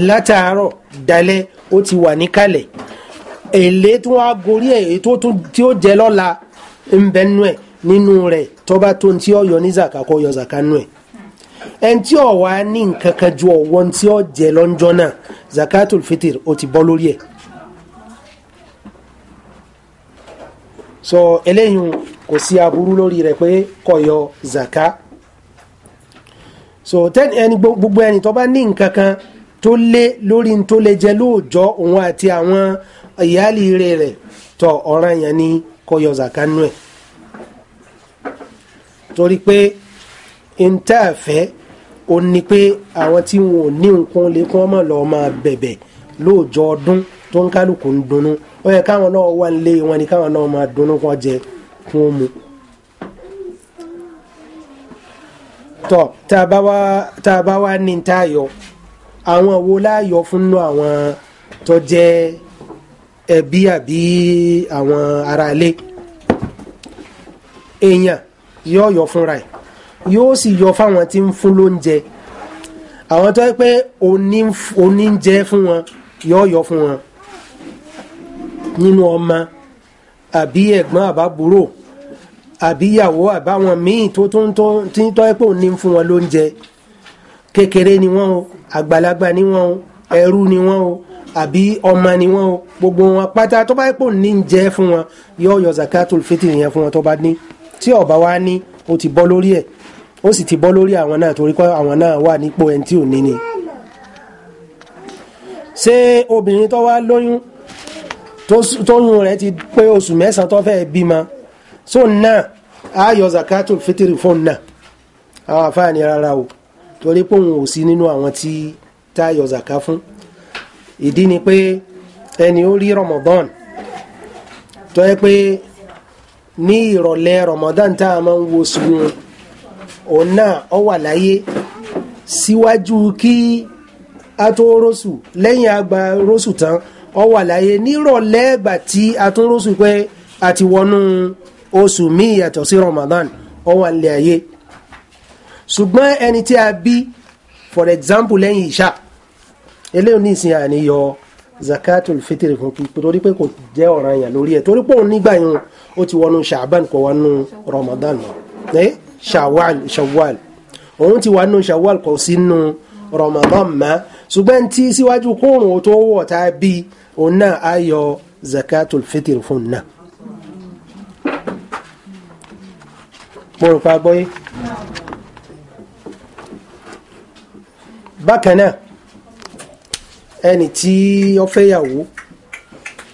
látàárọ̀ dalẹ́ ó ti wà níkàlẹ̀ èlé tí wọ́n gorí ẹ̀ èyí tó tún tí ó jẹ lọ́la ń bẹ́nu ẹ̀ nínú rẹ̀ tó bá tó tí ó yọ ní zaka kó yọ zaka nù ẹ̀ ẹn tí ó wà ní nǹkan kan ju ọ̀wọ́n tí ó jẹ lọ́njọ́ náà zakatul fitr ó ti bọ́ lórí ẹ̀ so eléyìí kò sí aburú lórí rẹ̀ pé kó yọ zaka so ẹni gbogbo ẹni tó bá ní nǹkan kan tó lé lórí tó lè jẹ lóòjọ́ òun àti àwọn ìyáálé rẹ̀ tọ̀ ọ̀ranyàn ni kó yọ zaka nù ẹ̀ torí pé n tá a fẹ́ o ní pé àwọn tí wọn ò ní nǹkan lè kí wọ́n mọ̀ lọ́ọ́ máa bẹ̀bẹ̀ lóòjọ́ ọdún tó ń kálukú ń dunnú ó yẹ káwọn náà wà nílé wọn ni káwọn náà máa dunnú kó jẹ kó mu. tọ́ tá a bá wá ní tá a yọ àwọn wo láàyọ fúnnú àwọn tó jẹ́ ẹbí àbí àwọn aráalé èèyàn yóò yọ fúnra ẹ̀ yóò sì yọ fáwọn tí ń fún lóúnjẹ àwọn tó yẹ pé oníjẹ fún wọn yóò yọ fún wọn nínú ọmọ àbí ẹ̀gbọ́n àbábúrò àbí ìyàwó àbáwọn míì tó tó tó tí tó yẹ pé òun ní fún wọn lóúnjẹ kékeré ni wọn o àgbàlagbà ni wọn o ẹrú ni wọn o àbí ọmọ ni wọn o gbogbo wọn pátá tó bá yẹ pé òun ní jẹ fún wọn yóò yọ zakatul fitr yẹn fún wọn tó bá ní tí ọba wa ní ó ti bọ́ lórí ẹ̀ ó sì ti bọ́ lórí àwọn náà torí pé àwọn náà wà nípò ẹni tí ò ní ni. ṣé obìnrin tó wá lóyún tóyún rẹ̀ ti pé oṣù mẹ́sàn-án tó fẹ́ bímọ so náà a yọ zakatul fitiri fún náà àwọn àfáàní rárá o torí pé òun ò sí nínú àwọn tí tá a yọ zaka fún ìdí ni pé ẹni ó rí Ramadan tó yẹ pé ní ìrọ̀lẹ́ Ramadan tá a máa ń wo sùn òun náà ọ wà láyé síwájú kí a tó rọ́sù lẹ́yìn àgbà rọ́sù tán ọ wà láyé nírọ̀lẹ́ ẹ̀gbà tí a tún rọ́sù pé a ti wọnú oṣù míì yàtọ̀ sí Ramadan ọ wà nílé ayé ṣùgbọ́n ẹni tí a bí for example lẹ́yìn ìṣá eléyìí ní ìsìn àníyọ zakatul fitr kò torí pé kò jẹ́ ọ̀ranyàn lórí ẹ̀ torí pé òun nígbà yẹn ó ti wọnú ṣàbán kò wọnú ramadan lọ eh? ẹ ṣàwàl ṣàwàl òun ti wọnú ṣàwàl kò sínú ramadan mọ́ ṣùgbọ́n tí síwájú kóòrùn tó wọ̀ tá a bí òun náà á yọ zakatul fitr fún náà. mo rò pa gbọ́yé. bákan náà ẹni tí ó fẹ́yàwó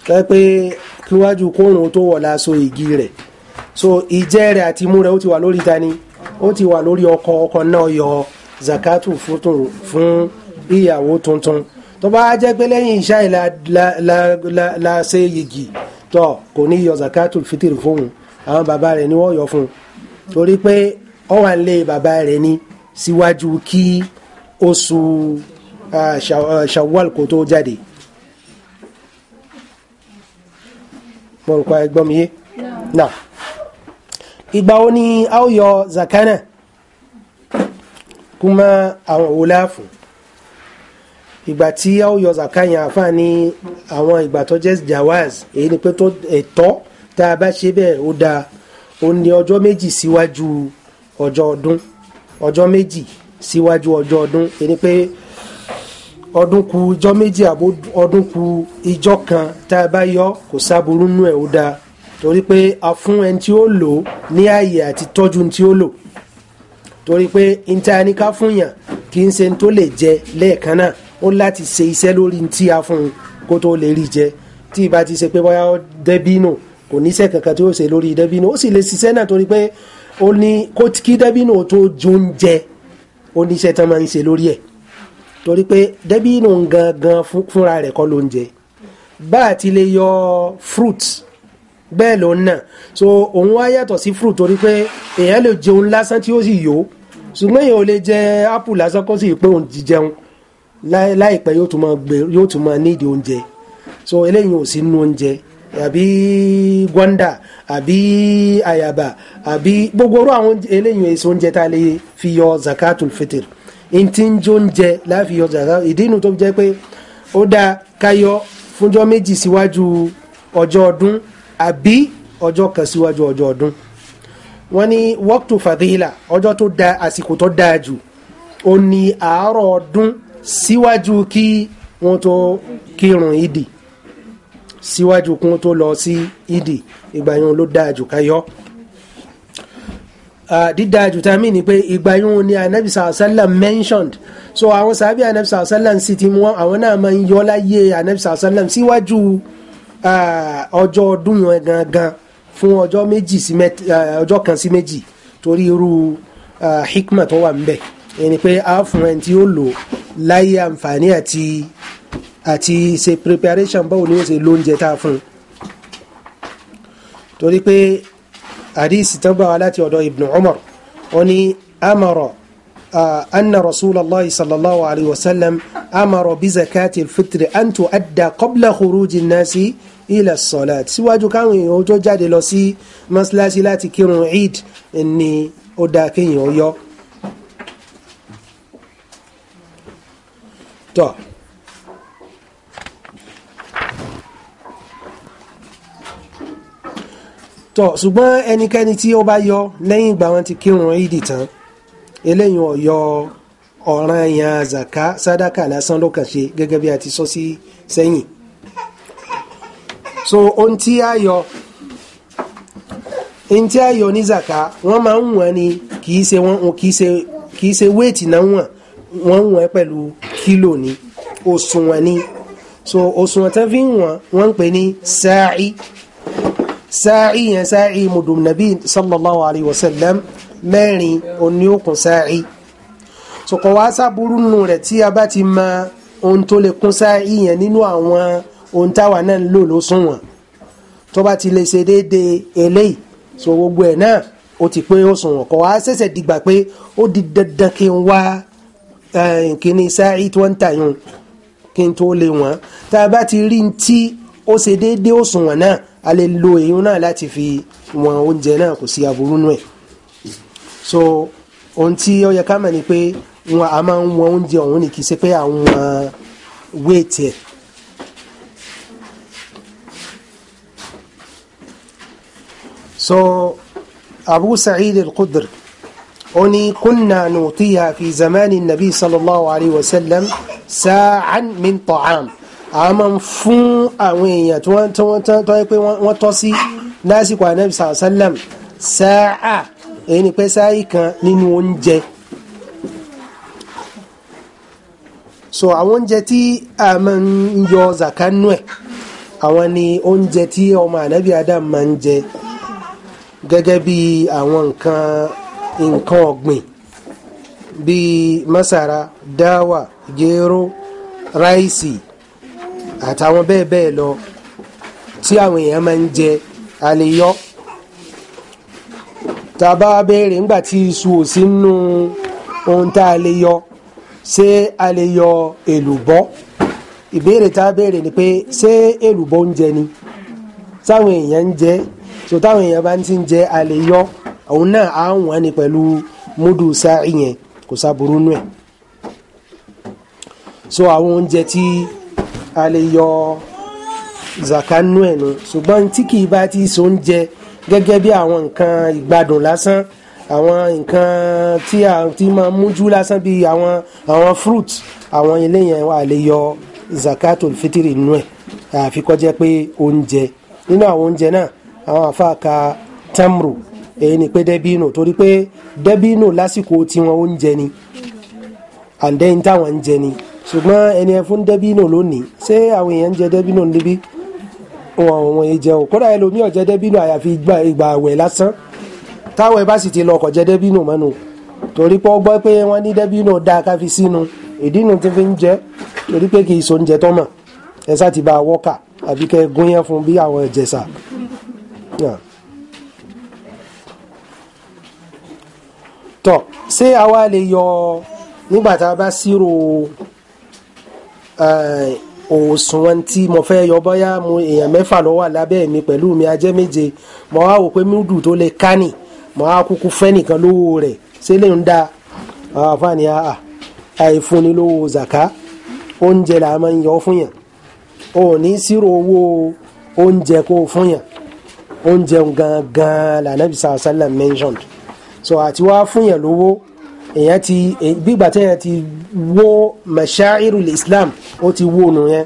tẹ́ pé kíwájú kóòrùn tó wọ̀ láṣọ igi rẹ̀ so ìjẹ́ rẹ̀ àti imú rẹ̀ ó ti wà lórí tani ó ti wà lórí ọkọ ọkọ náà yọ zakatu fún ìyàwó tuntun tó bá jẹ́ pé lẹ́yìn iṣẹ́ ìlà la ṣe igi tó kò ní yọ zakatu fitiri fóun àwọn bàbá rẹ̀ ni wọ́n yọ fún un torí pé ó wà ń lé bàbá rẹ̀ ní síwájú kí oṣù ah, Shawwal kó tó jáde. mo rò pa ẹgbọ́n mi yé nà ìgbà wo ni a ó yọ zakana kuma àwọn òwò láàfù ìgbà tí a ó yọ zakana àfa ní àwọn ìgbà tó jẹ́ jawaz èyí ni pé tó ẹ̀tọ́ tá a bá ṣe bẹ́ẹ̀ ó dáa ó ní ọjọ́ méjì síwájú ọjọ́ ọdún ọjọ́ méjì síwájú ọjọ́ ọdún èyí ni pé ọdún ku ijọ́ méjì àbó ọdún ku ijọ́ kan tá a bá yọ kò sáburú nú ẹ̀ ó dáa torí pé a fún ẹni tí ó lò ní ààyè àti tọ́jú tí ó lò torí pé intanika fún yàn kì í ṣe tó lè jẹ lẹ́ẹ̀kan náà ó láti ṣe iṣẹ́ lórí tí a fún un kó tó lè rí jẹ tí ìbá ti ṣe pé bóyá dẹ́bínù kò níṣẹ́ kankan tí ó ṣe lórí dẹ́bínù ó sì lè ṣiṣẹ́ náà torí pé ó ní kí dẹ́bínù tó jóúnjẹ ó níṣẹ́ tán máa ń ṣe lórí ẹ̀ torí pé dẹ́bínú gangan fúnra rẹ̀ kọ́ ló ń jẹ bá a ti lè yọ fruit bẹ́ẹ̀ ló ń nà so òun wá yàtọ̀ sí fruit torí pé èèyàn lè jẹun lásán tí ó sì yó ṣùgbọ́n èèyàn ò lè jẹ apple lásán kó sì pé òun ti jẹun láìpẹ́ yóò tún máa gbé yóò tún máa nídi oúnjẹ so eléyìí ò sí nú oúnjẹ àbí gwanda àbí ayaba àbí gbogbo orú àwọn eléyìí èso oúnjẹ tá a lè fi yọ zakatul fitr ntí ń jó ń jẹ láfi yọ zaka ìdí inú tó jẹ́ pé ó dáa ká yọ fúnjọ́ méjì síwájú ọjọ́ ọdún àbí ọjọ́ kan síwájú ọjọ́ ọdún wọ́n ní wọ́ktù fàdíhìlà ọjọ́ tó da àsìkò tó dáa jù ó ní àárọ̀ ọdún síwájú kí wọ́n tó kírun ìdì síwájú kí wọ́n tó lọ sí ìdì ìgbà yẹn ló dáa jù ká Ah, dídá àjùtá mi ni pé ìgbà yóò ní anabi sallam mentioned so àwọn sàbí anabi sallam sì ti wọn àwọn náà máa ń yọ láyé anabi sallam síwájú ah, ọjọ́ ọdún yẹn gangan fún ọjọ́ méjì sí mẹ́ta ah, ọjọ́ kan sí méjì torí irú hikma tó wà ńbẹ̀ ẹni pé a fún ẹni tí ó lò láyé àǹfààní àti àti ṣe preparation báwo ni ó ṣe lóúnjẹ tá a fún torí pé àdísì tó gbà wá láti ọ̀dọ̀ ibn umar ó ní amọ̀rọ̀ anna rasulallah sallallahu alayhi wa sallam amọ̀rọ̀ bí zakati fitri an tu adda qabla khuruji nasi ila salat síwájú káwọn èèyàn ó tó jáde lọ sí masalasi láti kírun eid ni ó dáa kéèyàn ó yọ. tọ̀ ṣùgbọ́n ẹnikẹ́ni tí ó bá yọ lẹ́yìn ìgbà wọn ti kírun ìdì tán eléyìí ọ̀yọ́ ọ̀ràn yẹn zaka sadaka lásán ló kàn ṣe gẹ́gẹ́ bí a ti sọ sí sẹ́yìn so ohun tí a yọ ohun tí a yọ ní zaka wọ́n máa ń wọ̀n ni kì í ṣe wọ́n kì ṣe kì ṣe wéètì náà wọ̀n wọ́n ń wọ̀n kílò ni òṣùwọ̀n ni so òṣùwọ̀n tán fi ń wọ̀n wọ́n ń pè ní sáà sáàì yẹn sáàì mùdùmnàbí sallallahu alayhi wa sallam mẹ́rin òní òkun sáàì sọ̀kọ̀ wá sábúrú nù rẹ̀ tí a bá ti mọ ohun tó lè kún sáàì yẹn nínú àwọn ohun táwa náà ń lò lóṣùn wọn tó bá ti lè ṣe déédéé eléyìí so gbogbo ẹ̀ náà ó ti pé ó sùn wọn kọ̀ wá ṣẹ̀ṣẹ̀ dìgbà pé ó di dandan kí n wá eh, kíní sáàì tó ń tà yún kí n tó lè wọ́n tá a bá ti rí ní ó ṣe déédéé òṣùwọ̀n náà a lè lo èyí náà láti fi wọn oúnjẹ náà kò sí aburú nù ẹ̀ so ohun tí ó yẹ ká mọ̀ ni pé wọn a máa ń wọn oúnjẹ ọ̀hún ni kì í ṣe pé àwọn wéètì ẹ̀. so abu sa'id al-qudr oni kunna nutiya fi zamani nabi sallallahu alayhi wa sallam sa'an min ta'am a máa ń fún àwọn èèyàn tí wọ́n tí wọ́n tọ́ pé wọ́n tọ́ sí lásìkò anabi sàlám sáà èyí ni pé sáàyì kan nínú oúnjẹ so àwọn oúnjẹ tí a máa ń yọ zakanu ẹ̀ àwọn ni oúnjẹ tí ọmọ anabi adam máa ń jẹ gẹ́gẹ́ bí àwọn nǹkan nǹkan ọ̀gbìn bíi masara dawa jéró raisi. àtàwọn bẹ́ẹ̀ bẹ́ẹ̀ lọ tí àwọn èèyàn máa ń jẹ a lè yọ ńgbà tí iṣu ò sí nínú ohun tá a lè yọ ṣé ni pé ṣé èlùbọ́ ń jẹ ni táwọn èèyàn ń jẹ táwọn èèyàn bá ti ń jẹ a lè yọ òun náà á ni pẹ̀lú múdù sáà yẹn nù ẹ̀ so àwọn oúnjẹ a lè yọ zakanu ẹnu ṣùgbọ́n tí kì í bá ti so ń jẹ gẹ́gẹ́ bí àwọn nǹkan ìgbádùn lásán àwọn nǹkan tí a ti máa mújú lásán bíi àwọn àwọn fruit àwọn ilé yẹn wà lè yọ zakatul fitiri nù ẹ̀ àfi kó pé oúnjẹ nínú àwọn oúnjẹ náà àwọn àfáàka tamru èyí ni pé dẹ́bínù torí pé dẹ́bínù lásìkò tiwọn oúnjẹ ni and táwọn ń jẹ ni ṣùgbọ́n ẹni ẹ fún dẹ́bínù lónìí ṣé àwọn èèyàn ń jẹ dẹ́bínù níbí wọn wọn yìí jẹ o kódà ẹlòmíì ò jẹ dẹ́bínù àyàfi ìgbà àwẹ̀ lásán táwọn ẹ bá sì ti lọ ọkọ̀ jẹ dẹ́bínù mọ́nu torí pé ó gbọ́ pé wọ́n ní dẹ́bínù dáa ká fi sínú ìdí nu ti fi ń jẹ torí pé kì í so oúnjẹ tọ́mọ̀ ẹ sá ti bá a wọ́kà àbí kẹ́ ẹ gúnyán fún bí àwọn ìjẹsà. Yeah. tọ́ ṣé àwa lè yọ nígbà tá a bá ṣírò Eh, òṣùwọ̀n tí mo fẹ́ yọ bóyá mo èèyàn mẹ́fà ló wà lábẹ́ mi pẹ̀lú mi ajẹ́ méje mo wá wò pé múdù tó lè kánì mo wá kúkú fẹ́ nìkan lówó rẹ̀ ṣé lè ń da àfààní àà àìfúnni lówó zaka oúnjẹ là máa ń yọ fún yàn o ò ní sírò owó oúnjẹ kó fún yàn oúnjẹ gangan lànà bisà mentioned so àti wá fún yàn lówó èyàn ti gbígbà tẹ́yàn ti wó mashairu islam ó ti wó nu yẹn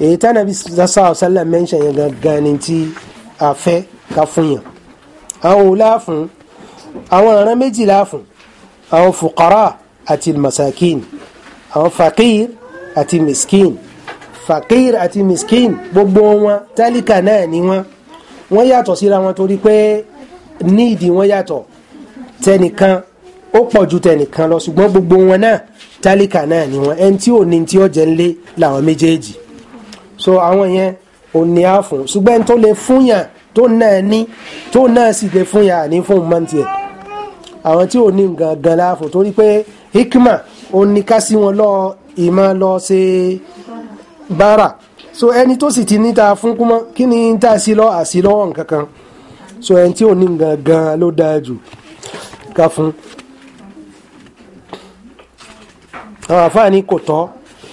èyí tánà bí sasa ọ̀sálà mẹ́ńṣẹ̀ yẹn gangan ni ti àfẹ́ ká fún yàn àwọn òláàfún àwọn ọ̀ràn méjì láàfún àwọn fukara àti masakin àwọn fakir àti miskin fakir àti miskin gbogbo wọn tálíkà náà ni wọn wọn yàtọ̀ síra wọn torí pé níìdì wọn yàtọ̀ tẹnìkan ó pọ̀ ju tẹnìkan lọ ṣùgbọ́n gbogbo wọn náà tálíkà náà ni wọn ẹni tí ò ní tí ó jẹ ńlé làwọn méjèèjì so àwọn yẹn ò ní á fún ṣùgbọ́n tó lè fúnyàn tó náà ní tó náà sì lè fúnyàn àní fún mọ́ tiẹ̀ àwọn tí ò ní gangan láàfún torí pé hikma ò ní ká sí wọn lọ ìmọ̀ lọ ṣe bára so ẹni tó sì ti níta fún kúmọ́ kí ni tá a sí lọ àsí lọ́wọ́ nǹkan kan so ẹni tí ò ní gangan ló dáa jù ká fún. àwọn àfáà ní kò tọ́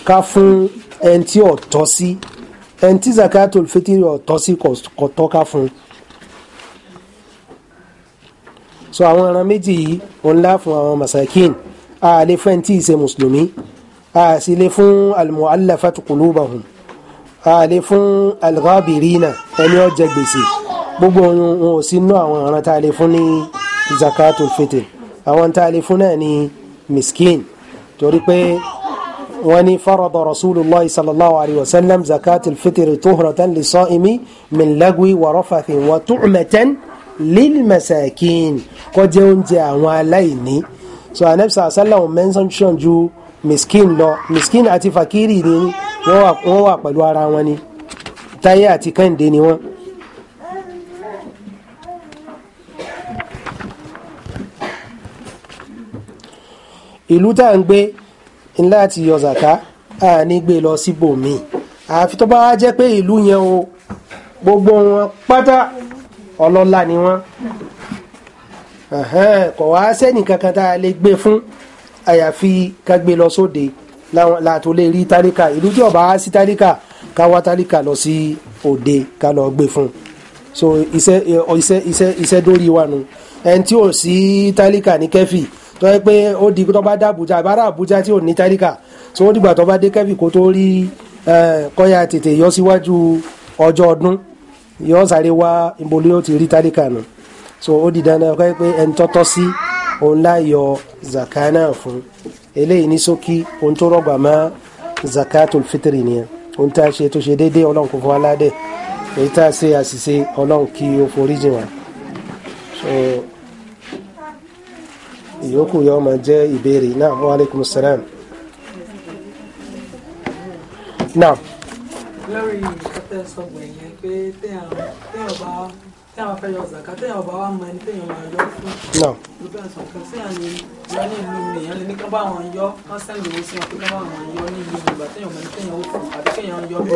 ká fún ẹni tí ò sí ẹni tí zakatul fitri ò tọ́ sí kò tọ́ ká fún so àwọn ọ̀ràn méjì yìí òun lá fún àwọn masakin a lè fẹ́ tí ìṣe mùsùlùmí a sì lè fún almu'allafat qulubahum a lè fún alghabirina ẹni ó gbèsè gbogbo ohun ò sí nú àwọn ọ̀ràn tá a lè fún ní zakatul fitr àwọn tá a lè fún náà ní miskin torí pé wọ́n ní farada rasulillah sallallahu alayhi wa sallam zakat alfitr tuhratan lisa'imi min lagwi wa rafathin wa tu'matan lil masakin kó jẹ́ oúnjẹ àwọn aláìní so anabi sallallahu mention ju miskin lọ miskin àti fakiri ni wọ́n wà pẹ̀lú ara wọn ni táyé àti kẹ́hìndé ni wọ́n. ìlú tá à ń gbé láti yọ zaka a ní gbé lọ síbò míì àfi tó bá wá jẹ́ pé ìlú yẹn o gbogbo wọn pátá ọlọ́lá ni wọ́n kò wá sẹ́ni kankan tá a lè gbé fún àyàfi ká gbé lọ sóde láàtò lè rí tálíkà ìlú tí ọba sí tálíkà ká wá tálíkà lọ sí òde ká lọ gbé fún so iṣẹ́ iṣẹ́ iṣẹ́ iṣẹ́ dórí wa nu ẹni tí ò sí tálíkà ní kẹ́fì tó yẹ pé ó di tó bá dá Àbújá àbára Àbújá tí ò ní táríkà tó ó dìgbà tó bá dé Kẹ́bì kó tó rí kọ́yà tètè yọ síwájú ọjọ́ ọdún yọ sáré wá ìbolí ó ti rí táríkà nù so ó di dandan kọ́ yẹ pé ẹni tọ́tọ́ sí òun láyọ zakana fún eléyìí ní ṣókí ohun tó rọgbà má zakatul fitri nìyẹn ohun tá a ṣe tó ṣe déédéé ọlọ́run kò fún aládé èyí tá a ṣe àṣìṣe ọlọ́run kí o forí jìn wá. yoku yo ma je iberi naam wa alaykum assalam naam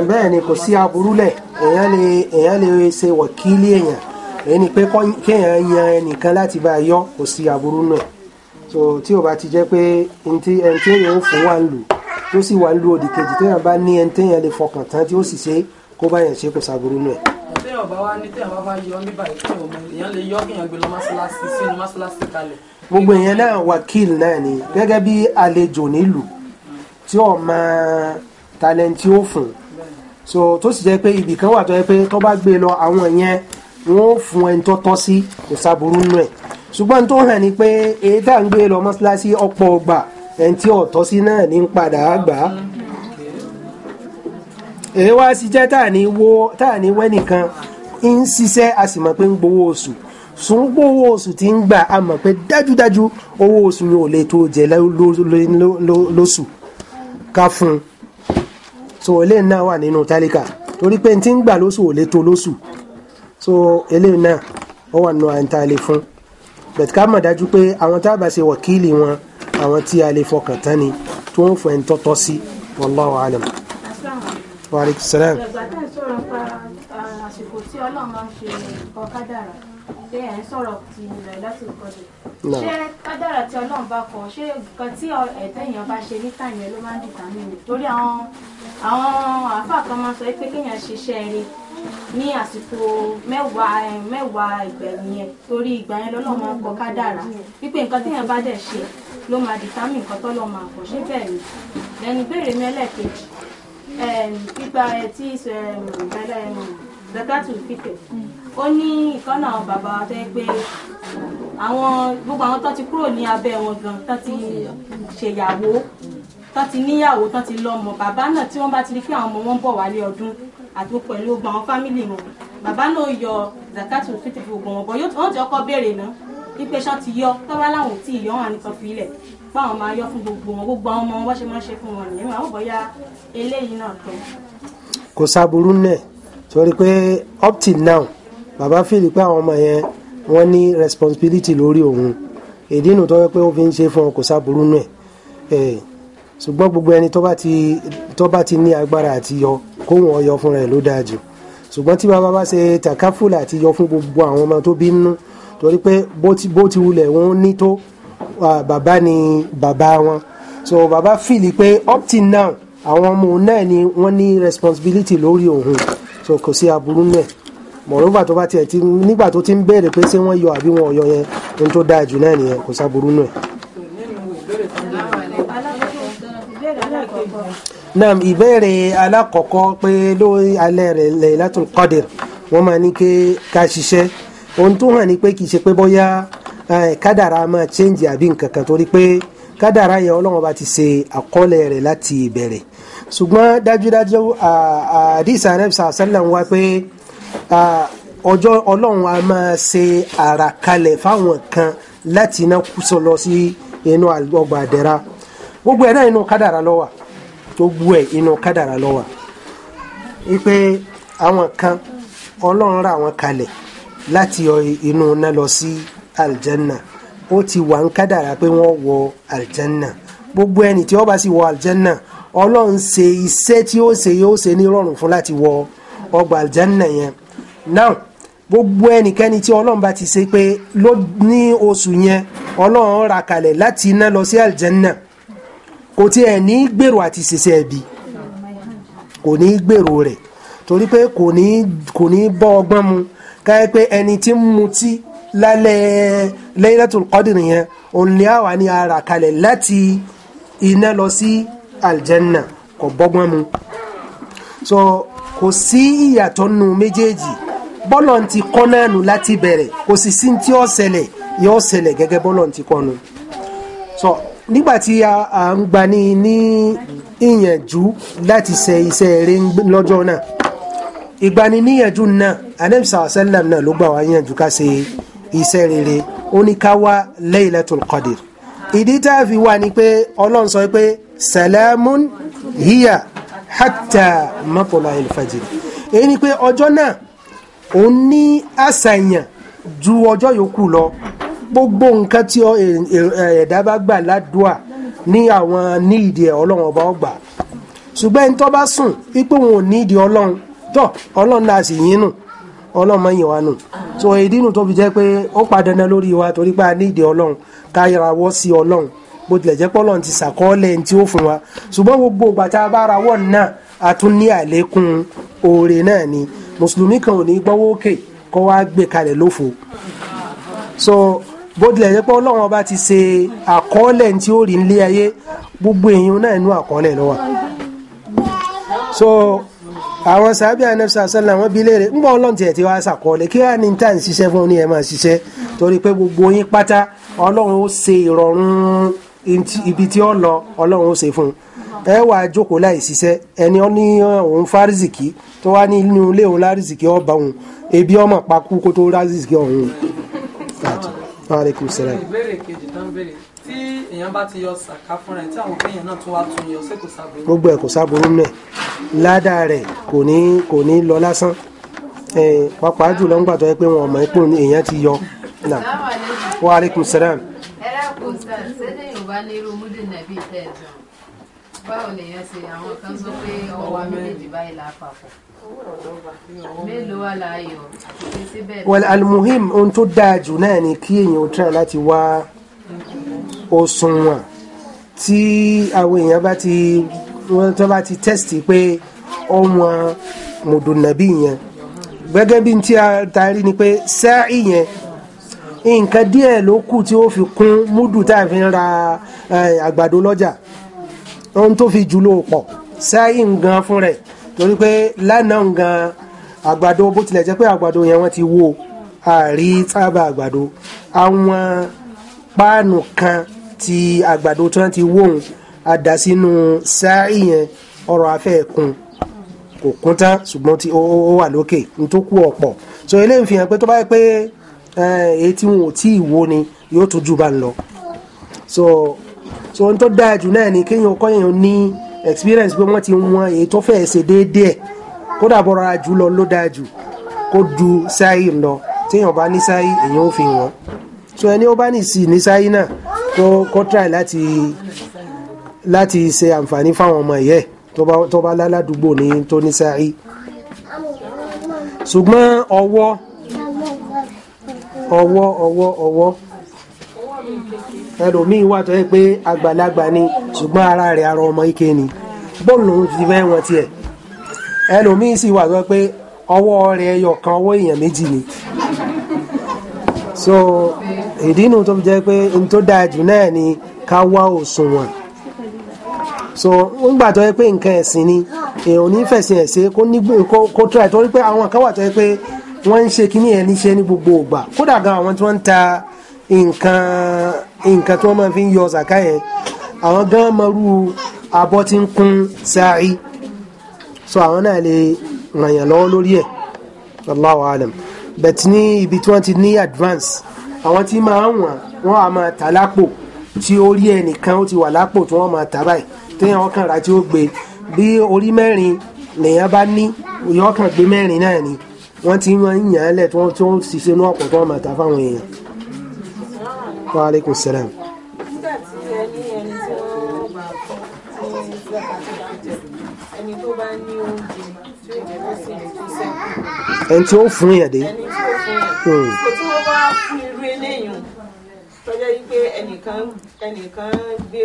bẹẹni kò sí aburulẹ èèyàn lè ṣe wọkílì èèyàn èèyàn ni pé kéèyàn yan ẹnìkan láti bá a yọ kò sí aburulẹ. so tí o bá ti jẹ́ pé ntí ẹntí yẹn ń fún wa ń lò tó sì wà ń lo òdì kejì téèyàn bá ní ẹntí yẹn lè fọkàn tán tí ó sì ṣe kó bá yẹn ṣe kò ṣàbùrú nù ẹ. téèyàn bá wá ní téèyàn bá bá yọ ní báyìí tí òun èèyàn lè yọ kéèyàn gbé lọ mọ́ṣáláṣí sínú mọ́ṣáláṣí kalẹ̀. gbogbo èèyàn náà wákìlì náà ni gẹ́gẹ́ bí àlejò nílùú tí ò mọ tálẹ́ǹtì ó fún so tó sì jẹ́ pé ibì kan wà tó yẹ pé tó bá gbé lọ àwọn yẹn wọ́n fún ẹni tó tọ́ sí kò ṣàbùrú nù ẹ̀. ṣùgbọ́n tó hàn ní pé èyí tá à ń gbé lọ mọ́ṣáláṣí ọ̀pọ̀ ọgbà ẹni tí ọ̀tọ́ sí náà ní ń padà àgbà èyí wá sí jẹ́ tá à ní tá à ní ń ṣiṣẹ́ a sì mọ̀ pé ń gbowó oṣù sùnwó owó oṣù tí ń gbà a mọ̀ pé dájúdájú owó oṣù yìí lè tó jẹ lóṣù ká fún un so eléyìí náà wà nínú tálíkà torí pé n ti ń gbà lóṣù ò lè tó lóṣù so bẹ̀t ká mọ̀ dájú pé àwọn tá a bá ṣe wàkílì wọn àwọn tí a lè fọkàn tán ni tó ń fọ ẹni tọ́tọ́ sí wallahu alam. wa alaikum ìgbà tá a sọ̀rọ̀ pa àsìkò tí ọlọ́run máa ń ṣe ọ̀kadà rà pé ẹ̀ ń sọ̀rọ̀ ti ilẹ̀ lọ́sùn kọ́dé ṣé kádàrà tí ọlọ́run bá kọ ṣé nǹkan tí ẹ̀dá èèyàn bá ṣe ní tàyẹn ló máa ń dìtà mí ni torí àwọn àwọn àáfàá kan máa sọ pé kéèyàn ṣiṣẹ́ rí ní àsìkò mẹ́wàá mẹ́wàá ìgbẹ̀yìn yẹn torí ìgbà yẹn lọ́lọ́run máa ń kọ kádàrà wípé nǹkan téèyàn bá dẹ̀ ṣe ló máa dìtà mí nǹkan tọ́lọ́run máa kọ ṣé bẹ́ẹ̀ ni lẹ́nu ìbéèrè mi ẹlẹ́ẹ̀kejì pípa ẹ̀ ìṣẹ̀lẹ̀ zakatu fitr ó ní ìkan náà bàbá wa tó yẹ pé àwọn gbogbo àwọn tó ti kúrò ní abẹ́ wọn gan tó ti ṣèyàwó tó ti níyàwó tó ti lọ́mọ bàbá náà tí wọ́n bá ti rí pé àwọn ọmọ wọn bọ̀ wálé ọdún àti pẹ̀lú gbogbo àwọn fámìlì wọn bàbá náà yọ zakatu fitr gbogbo wọn bọ̀ wọ́n ti ọkọ béèrè náà ipe ṣan ti yọ tó bá láwọn ò tí ì yọ wọn nìkan fi ilẹ̀ fáwọn máa yọ fún gbogbo wọn gbogbo àwọn ọmọ wọn bá ṣe máa ṣe fún wọn nìyẹn àwọn bóyá eléyìí náà tó. kò sábúrú náà torí pé up till now baba fìlì pé àwọn ọmọ yẹn wọ́n ní responsibility lórí òun èdè inú tó yẹ pé ó fi ń ṣe fún ọ kò sábúrú nù ẹ eh, ṣùgbọ́n gbogbo ẹni tó bá ti tó ti ní agbára àti yọ kóhùn ọyọ fúnra ẹ ló dáa jù ṣùgbọ́n tí bàbá bá ṣe tàkáfùlà àti yọ fún gbogbo àwọn ọmọ tó bí nínú torí pé bó ti wulẹ̀ wọn ní tó bàbá ni baba wọn so baba fìlì pé up till now àwọn ọmọ òun náà ni wọ́n ní responsibility lórí òun so kò sí aburú nù ẹ̀ mọ̀rọ́bà tó bá tiẹ̀ ti nígbà tó ti ń bẹ̀rẹ̀ pé ṣé wọ́n yọ àbí wọn ò yọ yẹn ohun tó dáa jù náà nìyẹn kò sáburú nù ẹ̀. náà ìbéèrè alákọ̀ọ́kọ́ pé lórí alẹ́ rẹ̀ Laylatul Qadr wọ́n máa ní pé ká ṣiṣẹ́ ohun tó hàn ní pé kì í ṣe pé bóyá eh, kádàrá máa change àbí nǹkan kan torí pé kádàrá yẹn Ọlọ́run bá ti ṣe àkọọ́lẹ̀ rẹ̀ láti ìbẹ̀rẹ̀ ṣùgbọ́n dájúdájú àdìsá anabisa sálàm wá pé ọjọ́ ọlọ́run a máa ṣe àràkalẹ̀ fáwọn kan láti iná kú sọ lọ sí inú ọgbà àdẹ́ra gbogbo ẹ̀ náà inú kádàrà ló wà gbogbo ẹ̀ inú kádàrà ló wà wípé àwọn kan ọlọ́run rà wọ́n kalẹ̀ láti inú iná lọ sí aljanna ó ti wà ń kádàrà pé wọ́n wọ aljanna gbogbo ẹni tí ó bá sì wọ aljanna ọlọ́run ṣe iṣẹ́ tí ó ṣe yóò ṣe ní rọrùn fún láti wọ ọgbà àlùjánnà yẹn now gbogbo ẹnikẹ́ni tí ọlọ́run bá ti ṣe pé ló ní oṣù yẹn ọlọ́run ra kalẹ̀ láti iná lọ sí àlùjánnà kò tiẹ̀ ní gbèrò àti ṣiṣẹ́ ẹbí kò ní gbèrò rẹ̀ torí pé kò ní kò ní bọ́ ọgbọ́n mu káyẹ pé ẹni tí ń mutí lálẹ́ Laylatul Qadr yẹn òun ni àwa ni a rà kalẹ̀ láti iná lọ sí aljanna kò bọ́gbọ́n mu so kò sí ìyàtọ̀ nù méjèèjì bọ́lọ̀ ti kọ́ náà nù láti bẹ̀rẹ̀ kò sì sí tí ó ṣẹlẹ̀ yóò ṣẹlẹ̀ gẹ́gẹ́ bọ́lọ̀ ti kọ́ nù so nígbàtí a ń gbani ní ìyànjú láti ṣe iṣẹ́ eré lọ́jọ́ náà ìgbani níyànjú náà anamsa asalam náà ló gbà wá yànjú ká ṣe iṣẹ́ rere ó ní ká wá ìdí tá a fi wà ní pé ọlọ́run sọ pé salamun hiya hatta mọ́tòlá ìlfàjì èyí ni pé ọjọ́ náà ó ní àṣàyàn ju ọjọ́ yòókù lọ gbogbo nǹkan tí ẹ̀dá bá gbà ládùúà ní àwọn níìdí ẹ̀ ọlọ́run ọba ọgbà ṣùgbọ́n ẹni tó bá sùn ipò wọn ò níìdí ọlọ́run tó ọlọ́run náà sì yín nù ọlọ́run mọ̀ yín wa nù so ìdí nù tó fi jẹ́ pé ó padà náà lórí wa torí pé a níìdí ọlọ́run táyàrawọ́ sí ọlọ́run bó tilẹ̀ jẹ́ pọ́lọ́n ti sàkọ́ọ́lẹ̀ tí ó fún wa ṣùgbọ́n gbogbo ìgbà tá a bá rawọ́ náà a tún ní àlékún oore náà ni mùsùlùmí kan ò ní gbọ́wọ́ òkè kó wá gbé kalẹ̀ lófo so bó tilẹ̀ jẹ́ pọ́lọ́n ọba ti ṣe àkọọ́lẹ̀ tí ó rí nílé ayé gbogbo èèyàn náà inú àkọọ́lẹ̀ ló so àwọn sàbí anẹ́fisà sọ́là wọ́n bi léèrè ńgbà ọlọ́run tiẹ̀ ti wá sàkọọ́lẹ̀ kí á ní tá à ń ṣiṣẹ́ fún ní ẹ̀ máa ṣiṣẹ́ torí pé gbogbo yín pátá ọlọ́run ó ṣe ìrọ̀rùn ibi tí ó lọ ọlọ́run ó ṣe fún un ẹ wàá jókòó láì ṣiṣẹ́ ẹni ó ní òun fárísìkì tó wá ní inú ilé òun lárísìkì ọba òun ebi ọmọ pakú kó tó rárísìkì ọ̀hún. Wa alaikum salaam. ìbéèrè kejì tán béèrè tí èèyàn bá ti yọ sàká fúnra ẹ̀ tí àwọn kéèyàn náà tún wá tún yọ sí kò sábò. gbogbo ẹ̀ kò sábòrò náà ládàá rẹ̀ kò ní kò ní lọ lásán pàápàá jùlọ ń gbàtọ́ pé wọn ọmọ ìpín èèyàn ti yọ. wa aleykum salaam. ẹ dákun sàn sẹ́dẹ̀ yorùbá lérò múdì nàbí ìtẹ́ ẹ̀ jọ báwo lèèyàn ṣe àwọn kan sọ pé ọwọ́ méjèèjì báyìí là á papọ̀ mélòó wà láàyò àti síbẹ̀. wọ́n almuhim ohun tó dáa jù náà ni kí èèyàn ó tẹ̀ láti wá òṣùwọ̀n tí àwọn èèyàn bá ti wọ́n tó bá ti tẹ́sítì pé ọ̀wọ́n mùdùnàbí yẹn gẹ́gẹ́ bí tí a taari ni pé sáì yẹn nǹkan díẹ̀ ló kù tí ó fi kún múdù tá a fi ń ra àgbàdo lọ́jà ohun tó fi jù ló pọ̀ sáì ngan fún rẹ̀ torí pé lánàá ngan àgbàdo bó tilẹ̀ jẹ́ pé àgbàdo yẹn wọ́n ti wó àrí sábà àgbàdo àwọn páànù kan ti àgbàdo tí wọ́n ti wóun a dà sínú sáì yẹn ọrọ̀ afẹ́ kún kò kún tán ṣùgbọ́n tí ó wà lókè nítorí kú ọ̀pọ̀ so eléyìí fi hàn pé tó bá yẹ pé èyí tí wọn ò tí ì wo ni yóò tún jù bá ń lọ so so ohun tó dáa jù náà ni kéèyàn kọ́ èèyàn ní experience pé wọ́n ti wọn èyí tó fẹ́ẹ́ ṣe déédéé kódà bọ́ra jù lọ ló dáa jù kó ju sáyì lọ téèyàn bá ní sáyì èèyàn ò fi wọn so ẹni ó bá ní sí ní sáyì náà kó try láti láti ṣe àǹfààní fáwọn ọmọ ẹ̀yẹ́ tó bá láládùúgbò ní tó ní sáárì ṣùgbọ́n ọwọ́ ọwọ́ ọwọ́ ọwọ́ ẹlòmíì wà tó yẹ pé àgbàlagbà ni ṣùgbọ́n ara rẹ̀ ara ọmọ ike ni bóòlù ti fẹ́ wọn tiẹ̀ ẹlòmíì sì wà tó yẹ pé ọwọ́ rẹ̀ ẹyọ kan ọwọ́ èèyàn méjì ni so ìdí inú tó fi jẹ́ pé n tó dáa jù náà ni ká wá òṣùwọ̀n so ńgbà tó yẹ pé nǹkan ẹ̀sìn ni èèyàn nífẹ̀sìn ẹ̀sẹ̀ kó nígbò kó tó ẹ̀ torí pé àwọn kan wà tó yẹ pé wọ́n ń ṣe kíní ẹ̀ níṣẹ́ ní gbogbo ògbà kódà gan àwọn tí wọ́n ń ta nǹkan nǹkan tí wọ́n máa fi ń yọ ṣàká yẹn àwọn gan mọ́rú abọ́ tí ń kún sáré so àwọn náà lè ràn yàn lọ́wọ́ lórí ẹ̀ Allahu alam bẹ̀t ní ibi tí wọ́n ti ní advance àwọn tí máa ń wọ̀n wọ́n á máa tà lápò tí orí ẹnìkan ó ti wà lápò tí wọ́n máa tà báyìí téèyàn ọkàn rà tí ó gbé bí orí mẹ́rin lèèyàn bá ní yọ̀ọ́ kàn gbé mẹ́rin náà ni wọ́n ti wọ́n yàn án lẹ̀ tí wọ́n tó ń ṣiṣẹ́ ní tí wọ́n máa tà fáwọn èèyàn. wa aleykum ẹni tó bá ní oúnjẹ tí ó jẹ́ lọ́sìn ẹni tó fún yàn dé fún yàn kò tí wọ́n bá fún irú eléyìí tọ́jọ́ yìí pé ẹnìkan ẹnìkan gbé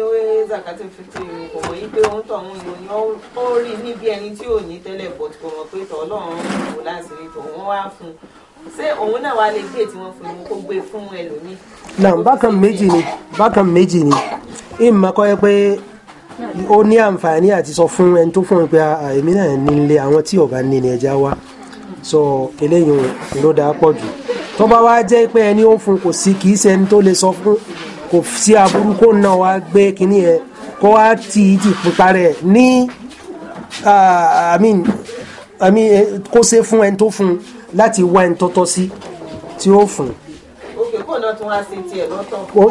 zakati fifty euro yìí pé òun tọ̀ òun ìròyìn ó rí níbi ẹni tí ò ní tẹ́lẹ̀ but kò mọ̀ pé tọ́lọ́run kò láṣìírí tòun wá fún un ṣé òun náà wá lè gbé tí wọ́n fún kó gbé fún ẹlòmíì. náà bákan méjì ni bákan méjì ni ìmọ̀ kọ́ ẹ pé ó ní àǹfààní àti sọ fún ẹni tó fún un pé èmi náà nílé àwọn tí ọ̀gá ní ni ẹja wá so eléyìí ló dáa pọ̀ jù tó bá wá jẹ́ pé ẹni ó fún kò sí kì í ṣe ẹni tó lè sọ fún kò sí aburú kó náà wá gbé kínní yẹn kó wá tì í ti pupa rẹ̀ ní eh, kó ṣe fún ẹni tó fún láti wá ẹni tọ́tọ́ sí tí ó fún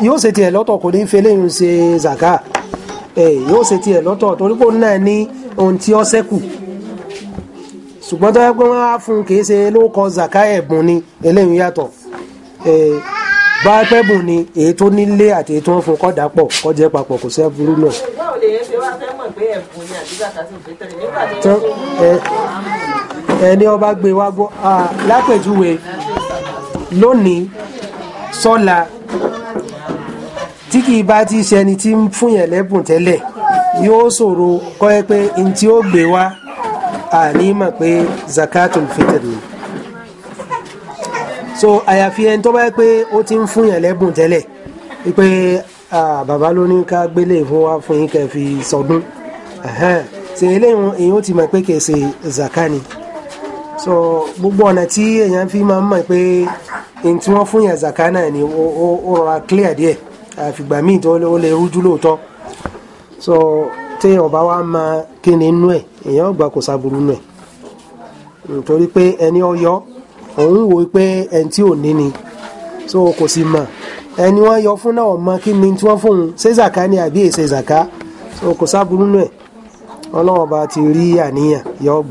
yóò ṣe tiẹ̀ lọ́tọ̀ kò ní fi eléyìí ṣe zaka eh, yóò ṣe tiẹ̀ lọ́tọ̀ torí pé òun náà ní ohun tí ó ṣẹ́kù ṣùgbọ́n tó yẹ pé wọ́n á fún un kìí ṣe ló kọ zaka ẹ̀bùn ni eléyìí yàtọ̀ bá pẹ́ bùn ni èyí tó nílé àti èyí tó ń fún kọ́ dàpọ̀ kọ́ jẹ́ papọ̀ kò sẹ́ burú náà. báwo ẹni ọba gbé wá gbọ́ lápèjúwe lónìí sọ́la tí kì bá ti ṣẹni tí ń fún yẹn lẹ́bùn tẹ́lẹ̀ yóò ṣòro kọ́ ẹ pé n ó gbé wá àní mọ̀ pé zakatul fitr ni so àyàfi ẹni tó bá yẹ pé ó ti ń fún yàn lẹ́bùn tẹ́lẹ̀ pé ah, bàbá ló ní ká gbélé fún wa fún yín kẹ́ fi sọdún ṣe eléyìí èyí ó ti mọ̀ pé kì zaka ni so gbogbo ọ̀nà tí èèyàn fi máa ń mọ̀ pé n tí wọ́n fún yàn zaka náà ni ó rọra clear díẹ̀ àfìgbà míì tó lè rújú lóòótọ́ so tí ọba wa ma kí ni inú ẹ̀ èèyàn gbà kò sábúrú nù ẹ̀ nítorí pé ẹni ọyọ òun wò pé ẹni tí ò ni so kò si mà ẹni wọn yọ fún náà ọmọ kí ni tí wọn fóun ṣé ni àbí so kò sábúrú bá ti rí àníyàn yọ